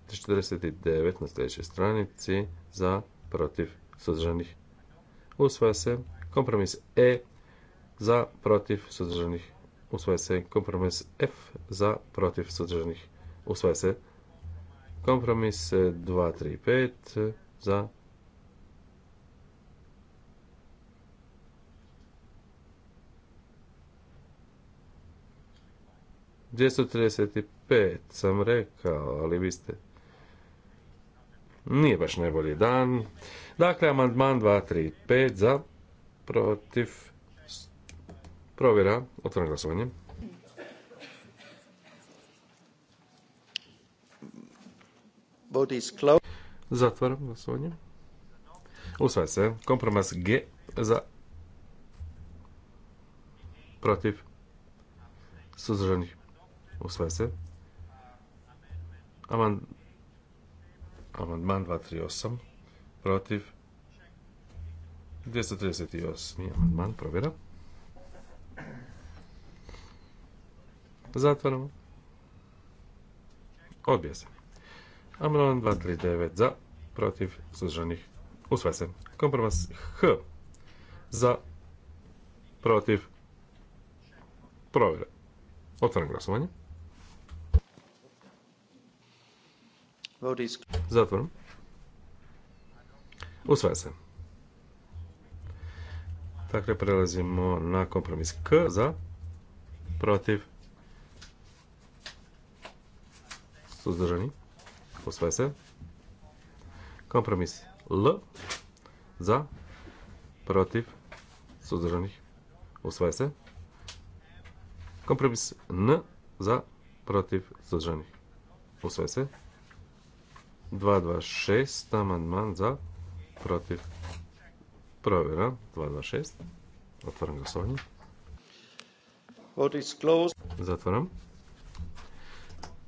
49 na sljedećoj stranici za, protiv, suzdržanih. Usvaja se kompromis E za, protiv, suzdržanih. Usvaja se kompromis F za, protiv, suzdržanih. Usvaja se kompromis 235 za, Dvjesto sam rekao, ali vi ste nije baš najbolji dan. Dakle, amandman 235 za, protiv, provjera, otvoreno glasovanje. Zatvaram glasovanje. Usvaja se. Kompromis G za protiv suzdržanih. Usvaja se. Amandman Amandman 238. Protiv. 238. Amandman provjera. Zatvaramo. Odbija se. Amandman 239 za, protiv, suzdržanih, usvaja se. Kompromis H za, protiv, provjera. Otvaram glasovanje. Zatvorom. Usvaja se. Dakle, prelazimo na kompromis K za, protiv, suzdržani, usvaja se. Kompromis L za, protiv, suzdržanih, usvaja se. Kompromis N za, protiv, suzdržanih, usvaja se. 226, amandman za, protiv, provjera, 226, otvaram glasovanje. Vote is closed. Zatvaram.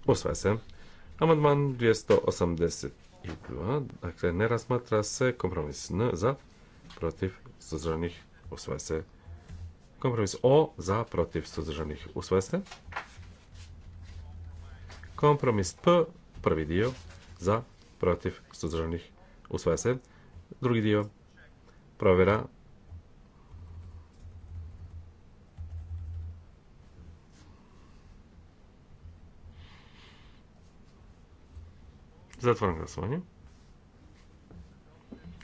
Usvaja se. Amandman 282, dakle ne razmatra se kompromis N za, protiv, suzdržanih, Osvaja se. Kompromis O za, protiv, suzdržanih, Usvaj se. Kompromis P, prvi dio, za, protiv, suzdržanih, usvaja se. Drugi dio, provjera. Zatvoram glasovanje.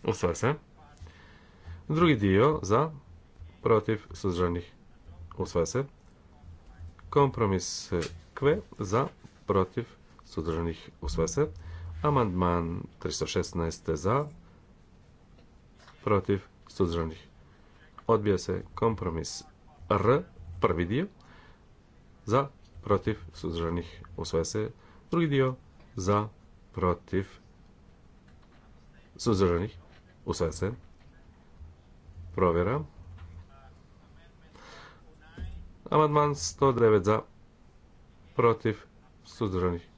Usvaja se. Drugi dio, za, protiv, suzdržanih, usvaja Kompromis Kve za, protiv, suzdržanih, usvaja se. Amandman 316 za, protiv, suzdržanih. Odbija se kompromis R, prvi dio, za, protiv, suzdržanih. Usvaja se drugi dio, za, protiv, suzdržanih. Usvaja se. Provjera. Amandman 109 za, protiv, suzdržanih.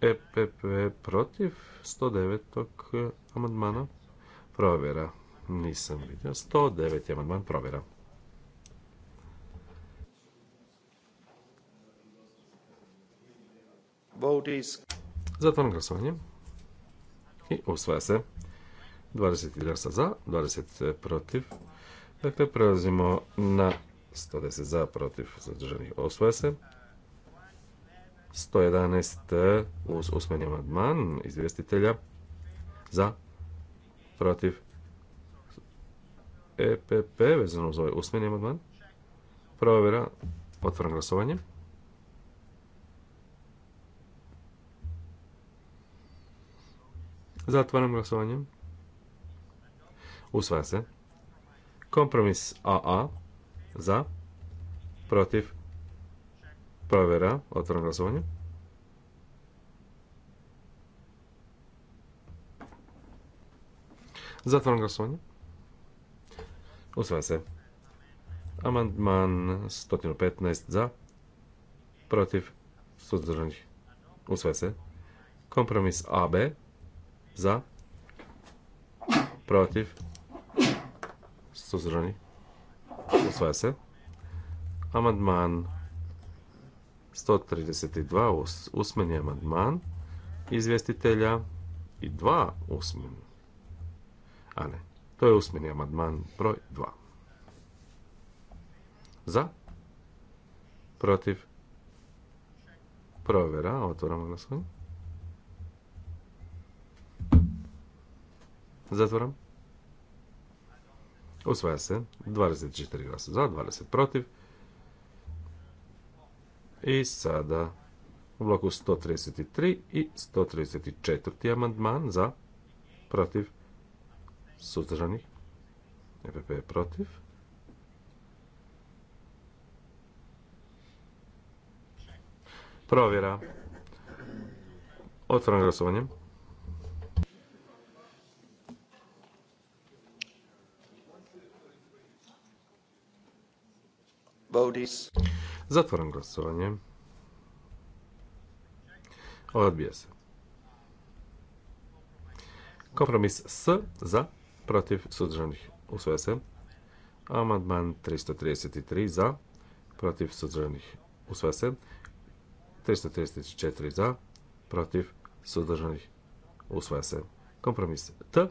EPP protiv 109. amandmana provjera. Nisam vidio. 109. amandman provjera. Vote I osvaja se. 20 glasa za, 20 protiv. Dakle, prelazimo na 110 za protiv zadržanih. Osvaja se. 111 uz usmeni amandman izvjestitelja za protiv EPP vezano uz ovaj usmeni amandman. Provjera, otvoram glasovanje. Zatvaram glasovanje. Usvaja se. Kompromis AA za, protiv, Provjera, otvoram glasovanje. Zatvoram glasovanje. Usvaja se. Amandman 115 za, protiv, suzdržanih. Usvaja se. Kompromis AB za, protiv, suzdržani. Usvaja se. Amandman 132 usmeni amandman izvjestitelja i dva usmeni. A ne, to je usmeni amandman broj 2. Za? Protiv? Provjera, otvoramo glasovanje. Zatvoram. Usvaja se 24 glasa za, 20 protiv. I sada u bloku 133 i 134. amandman za protiv suzdržanih EPP je protiv. Provjera. Otvoreno glasovanje. Zatvaram glasovanje. Odbija se. Kompromis S za, protiv suzdržanih usvaja se. Amandman 333 za, protiv sudržanih usvaja se. 334 za, protiv sudržanih usvaja se. Kompromis T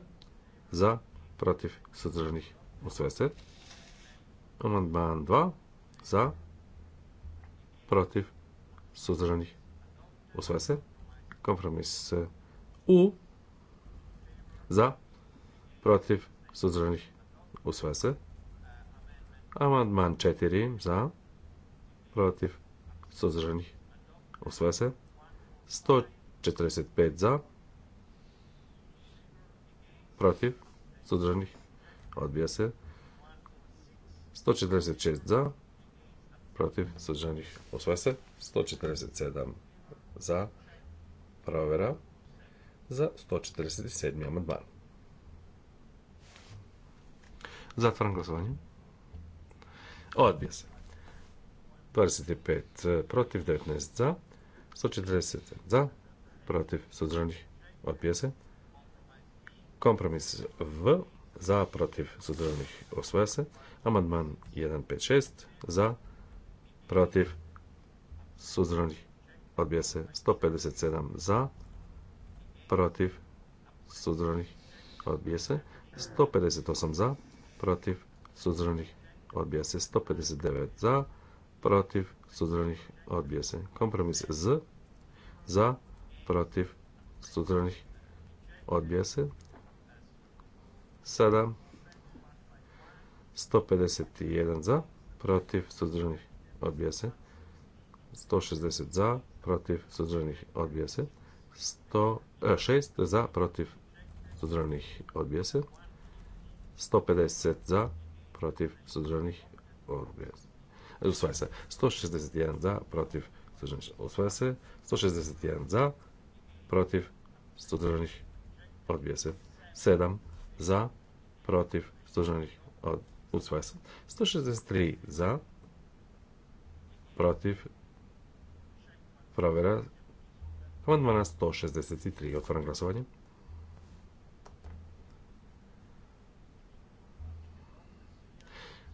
za, protiv suzdržanih usvaja se. Amandman 2 za, protiv, suzdržanih, usvaja se. Kompromis eh, U, za, protiv, suzdržanih, usvaja se. Amandman 4, za, protiv, suzdržanih, usvaja se. 145 za, protiv, suzdržanih, odbija se. 146 za, protiv, suđenih usvoje se. 147 za provera za 147. amandman. Zatvaram glasovanje. Odbija se. 25 eh, protiv, 19 za, 140 za, protiv, sudržanih odbija se. Kompromis V, za, protiv, sudržanih osvoja se. Amandman 156, za, protiv, suzdržanih, odbija se 157 za, protiv, suzdržanih, odbija se 158 za, protiv, suzdržanih, odbija se 159 za, protiv, suzdržanih, odbija se. Kompromis z, za, protiv, suzdržanih, odbija se. 151 za, protiv, suzdržanih, odbija 160 za, protiv suzdržanih odbija se. 106 za, protiv suzdržanih odbija 150 za, protiv suzdržanih odbija se. se. 161 za, protiv suzdržanih odbija 161 za, protiv suzdržanih odbija se. 7 e, za, protiv suzdržanih usvaja se. 163 za, protiv, provjera, amandmana 163, otvoram glasovanje.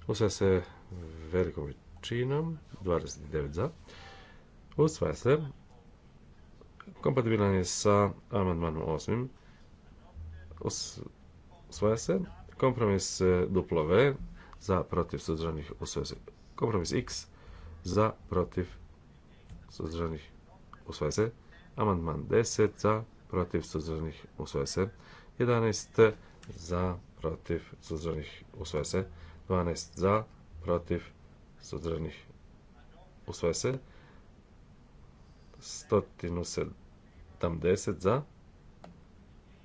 Usvaja se velikom većinom, 29 za. Usvaja se, kompatibilan je sa amandmanom 8. Usvaja se, kompromis eh, duplo V, za protiv sudržanih usvaja Kompromis X, za, protiv, suzdržanih, usvoje se. Amandman 10 za, protiv, suzdržanih, usvoje se. 11 za, protiv, suzdržanih, usvoje se. 12 za, protiv, suzdržanih, usvoje se. 170 za,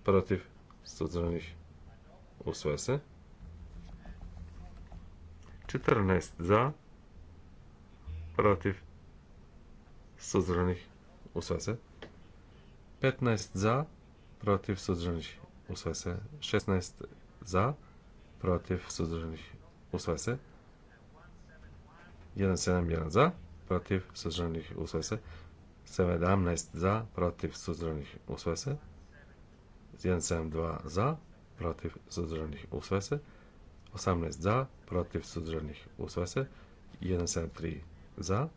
protiv, suzdržanih, usvoje se. 14 za, protiv, suzdržanih, usvaja se. 15 za, protiv, suzdržanih, usvaja se. 16 za, protiv, suzdržanih, usvaja se. 171 za, protiv, suzdržanih, usvaja se. 17 za, protiv, suzdržanih, usvaja se. 172 za, protiv, suzdržanih, usvaja se. 18 za, protiv, suzdržanih, usvaja se. 3 za,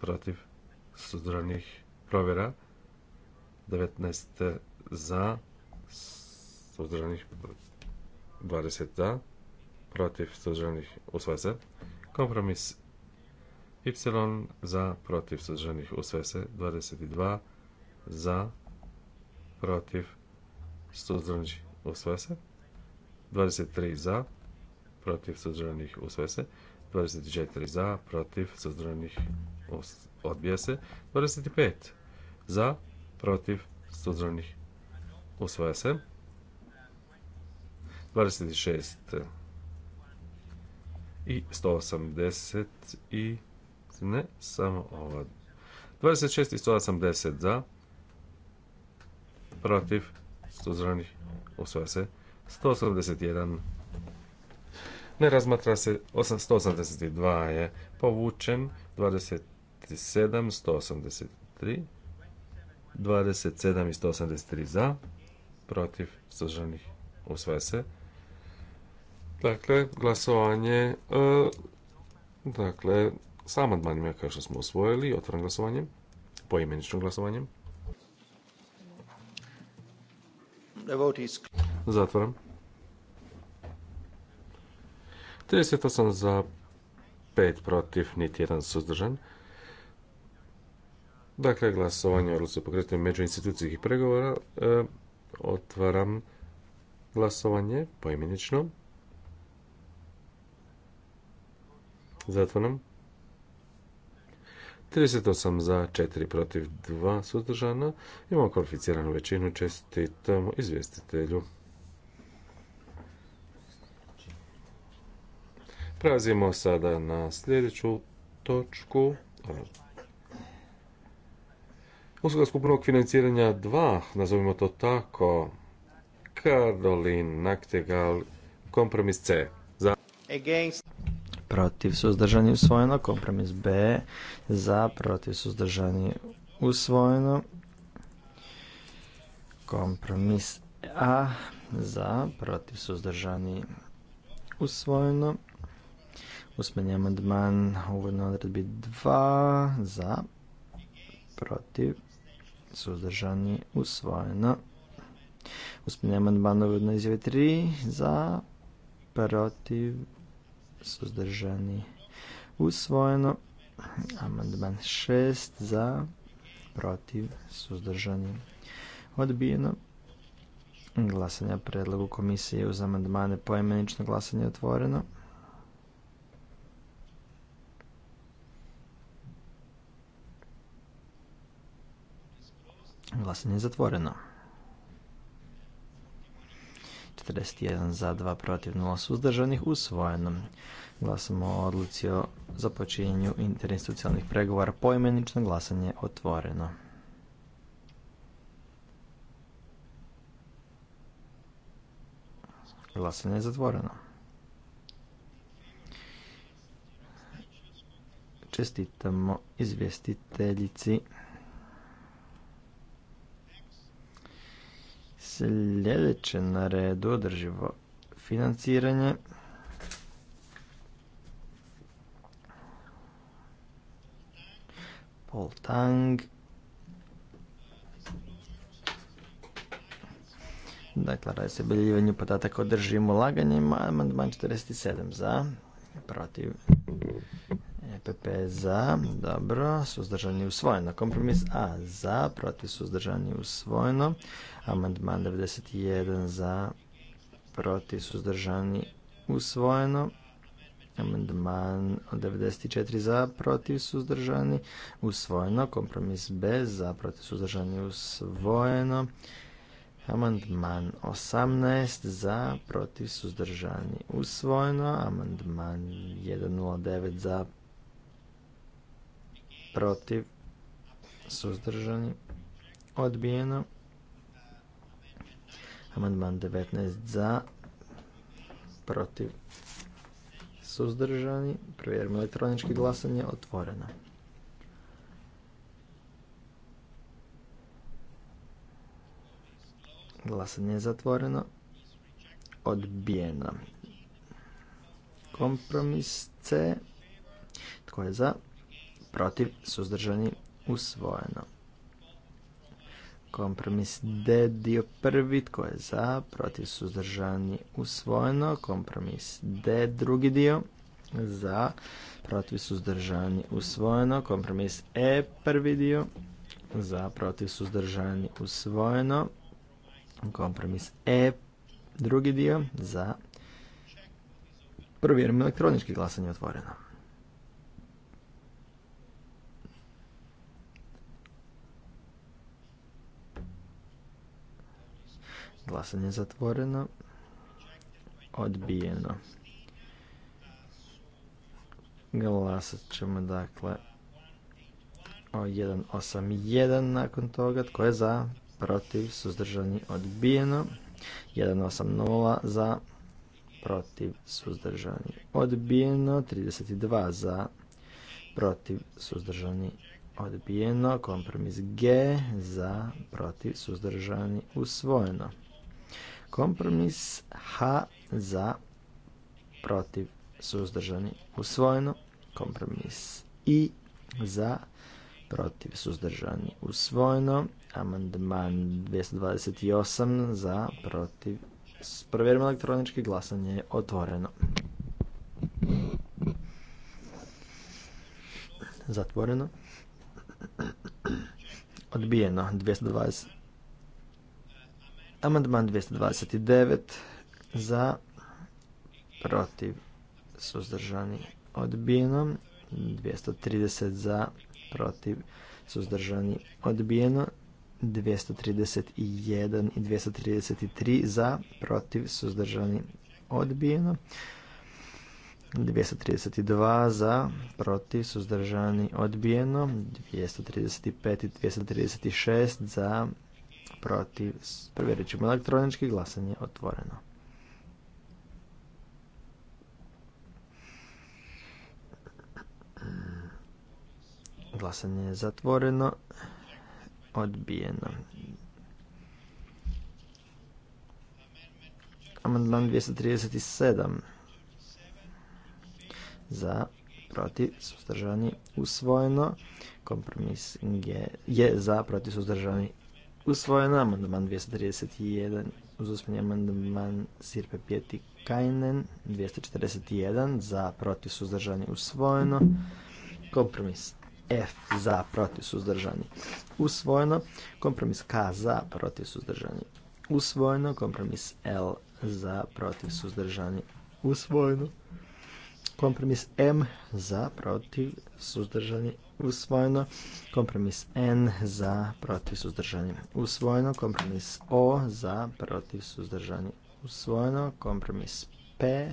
protiv suzdravnih provjera 19 za suzdravnih 20 za protiv suzdravnih usvaja kompromis y za protiv suzdravnih usvaja 22 za protiv suzdravnih usvaja 23 za protiv suzdravnih usvese. 24 za, protiv, suzdržanih, odbija se. 25 za, protiv, suzdržanih, usvoja se. 26 i 180 i ne, samo ova. 26 i 180 za, protiv, suzdržanih, usvaja se. 181 ne razmatra se 182 je povučen, 27, 183, 27 i 183 za, protiv suzdržanih usvaja se. Dakle, glasovanje, e, dakle, sa amandmanima kao što smo usvojili, otvoren glasovanjem, poimeničnim glasovanjem. Zatvaram. 38 za 5 protiv, niti jedan suzdržan. Dakle, glasovanje o se pokretanju međuinstitucijskih pregovora. E, otvaram glasovanje poimenično. Zatvoram. 38 za, 4 protiv, 2 suzdržana. Imamo kvalificiranu većinu. Čestitam izvjestitelju. Prelazimo sada na sljedeću točku. Usluga skupnog financiranja 2, nazovimo to tako, Karolin Naktegal, kompromis C. Za... Protiv suzdržani usvojeno, kompromis B. Za, protiv suzdržani usvojeno. Kompromis A. Za, protiv suzdržani usvojeno. Usmeni amandman uvodno odredbi 2 za, protiv, suzdržani, usvojeno. Usmeni amandman uvodno izjave 3 za, protiv, suzdržani, usvojeno. Amandman 6 za, protiv, suzdržani, odbijeno. Glasanje predlogu komisije uz amandmane poimenično glasanje otvoreno. Glasanje je zatvoreno. 41 za, 2 protiv, 0 suzdržanih, usvojeno. Glasamo o odluci o započinjenju interinstitucionalnih pregovara. Poimenično glasanje je otvoreno. Glasanje je zatvoreno. Čestitamo izvjestiteljici. Sljedeće na redu održivo financiranje. Paul Tang. Dakle, radi se biljivanju podataka o ulaganjima. Amandman 47 za, protiv, EPP za, dobro, suzdržani usvojeno. Kompromis A za, protiv suzdržani usvojeno. Amandman 91 za, protiv suzdržani usvojeno. Amandman 94 za, protiv suzdržani usvojeno. Kompromis B za, protiv suzdržani usvojeno. Amandman 18 za, protiv suzdržani usvojeno. Amandman 109 za, protiv, suzdržani, odbijeno. Amandman 19 za, protiv, suzdržani. Provjerimo elektronički glasanje, otvoreno. Glasanje je zatvoreno. Odbijeno. Kompromis C. Tko je za? protiv, suzdržani, usvojeno. Kompromis D, dio prvi, tko je za, protiv, suzdržani, usvojeno. Kompromis D, drugi dio, za, protiv, suzdržani, usvojeno. Kompromis E, prvi dio, za, protiv, suzdržani, usvojeno. Kompromis E, drugi dio, za. Provjerimo elektronički glasanje otvoreno. Glasanje je zatvoreno. Odbijeno. Glasat ćemo dakle o 181 nakon toga. Tko je za? Protiv. Suzdržani. Odbijeno. 180 za. Protiv. Suzdržani. Odbijeno. 32 za. Protiv. Suzdržani. Odbijeno. Kompromis G za. Protiv. Suzdržani. Usvojeno. Kompromis H za protiv suzdržani usvojeno. Kompromis I za protiv suzdržani usvojeno. Amandman 228 za protiv. Provjerimo elektronički glasanje je otvoreno. Zatvoreno. Odbijeno 220 Amandman 229 za protiv suzdržani odbijeno. 230 za protiv suzdržani odbijeno. 231 i 233 za protiv suzdržani odbijeno. 232 za, protiv, suzdržani, odbijeno. 235 i 236 za, protiv. Provjerit ćemo elektronički glasanje otvoreno. Glasanje je zatvoreno. Odbijeno. Amandman 237. Za, protiv, suzdržani, usvojeno. Kompromis je za, protiv, suzdržani, Usvojeno amandman 231 uz usmeni amandman Sirpe Pjeti Kajnen 241 za protiv suzdržani usvojeno. Kompromis F za protiv suzdržani usvojeno. Kompromis K za protiv suzdržani usvojeno. Kompromis L za protiv suzdržani usvojeno. Kompromis M za protiv suzdržani usvojeno. Kompromis N za protiv suzdržani usvojeno. Kompromis O za protiv suzdržani usvojeno. Kompromis P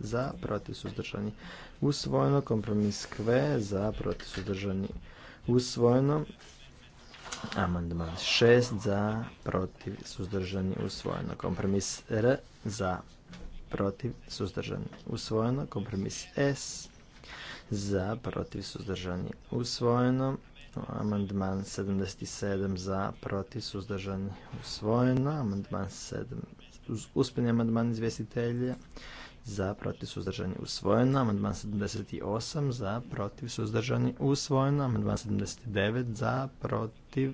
za protiv suzdržani usvojeno. Kompromis Q za protiv suzdržani usvojeno. Amandman 6 za protiv suzdržani usvojeno. Kompromis R za protiv suzdržani usvojeno. Kompromis S za, protiv suzdržani usvojeno. Amandman 77 za, protiv suzdržani usvojeno. Amandman 7, uspjeni amandman izvjestitelja za, protiv suzdržani usvojeno. Amandman 78 za, protiv suzdržani usvojeno. Amandman 79 za, protiv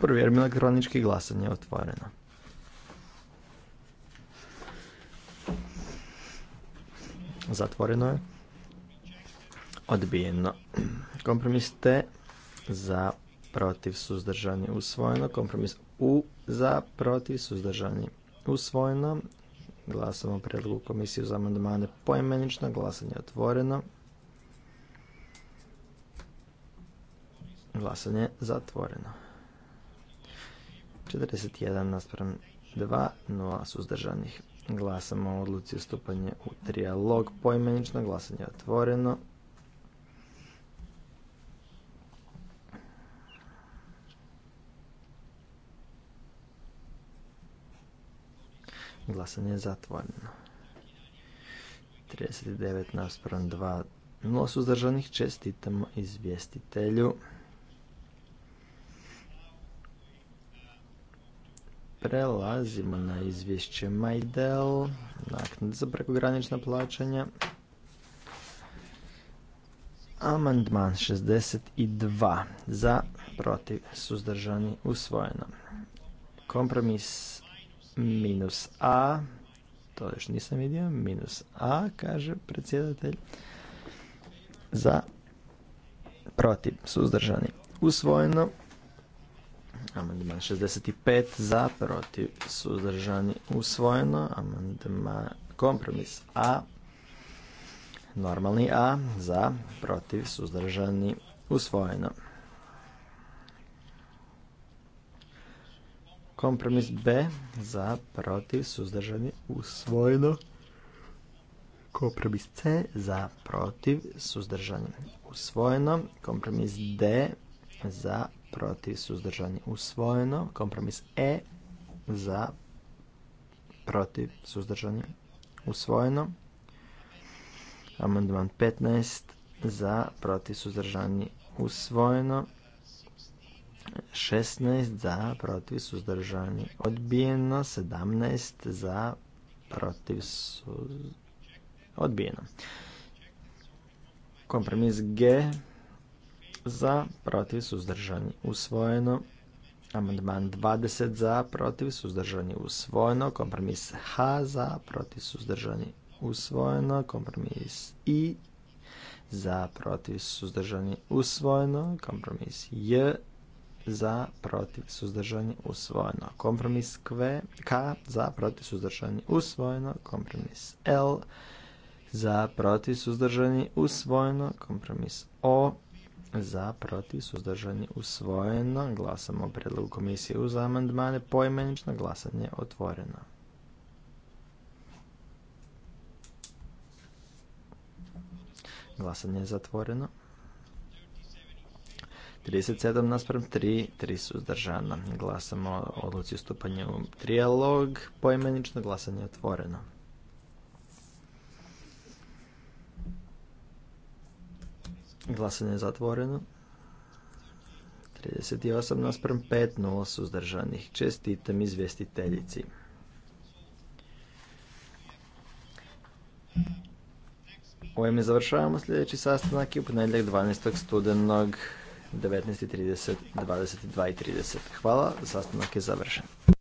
Provjerimo elektronički glasanje otvoreno. Zatvoreno je. Odbijeno. Kompromis T za protiv suzdržani usvojeno. Kompromis U za protiv suzdržani usvojeno. Glasamo o predlogu komisiju za amandmane poimenično. Glasanje je otvoreno. Glasanje zatvoreno. 41 naspram 2, 0 suzdržanih. Glasamo o odluci stupanje u trijalog. Poimenično glasanje je otvoreno. Glasanje je zatvoreno. 39 naspram 2. 0 suzdržanih čestitamo izvjestitelju. Prelazimo na izvješće Majdel, naknad za prekogranična plaćanja. Amandman 62 za, protiv, suzdržani, usvojeno. Kompromis minus A, to još nisam vidio, minus A, kaže predsjedatelj, za, protiv, suzdržani, usvojeno. Amandman 65 za, protiv, suzdržani, usvojeno. Amandman kompromis A, normalni A, za, protiv, suzdržani, usvojeno. Kompromis B, za, protiv, suzdržani, usvojeno. Kompromis C, za, protiv, suzdržani, usvojeno. Kompromis D, za, protiv suzdržani usvojeno. Kompromis E za protiv suzdržanje usvojeno. Amandman 15 za protiv suzdržani usvojeno. 16 za protiv suzdržani odbijeno. 17 za protiv suzdržanje odbijeno. Kompromis G za, protiv, suzdržani, usvojeno. Amandman 20 za, protiv, suzdržani, usvojeno. Kompromis H za, protiv, suzdržani, usvojeno. Kompromis I za, protiv, suzdržani, usvojeno. Kompromis J za, protiv, suzdržani, usvojeno. Kompromis K za, protiv, suzdržani, usvojeno. Kompromis L za, protiv, suzdržani, usvojeno. Kompromis O za, protiv, suzdržani, usvojeno. Glasamo o predlogu komisije uz amandmane. Poimenično glasanje otvoreno. Glasanje je zatvoreno. 37 naspram 3, 3 suzdržana. Glasamo o odluci stupanja u trijalog. Poimenično glasanje je otvoreno. Glasanje je zatvoreno. 38 nasprem, 5, 0 suzdržanih. Čestitam izvjestiteljici. mi završavamo sljedeći sastanak i u ponedjeljak 12. studenog 19.30, 22.30. Hvala, sastanak je završen.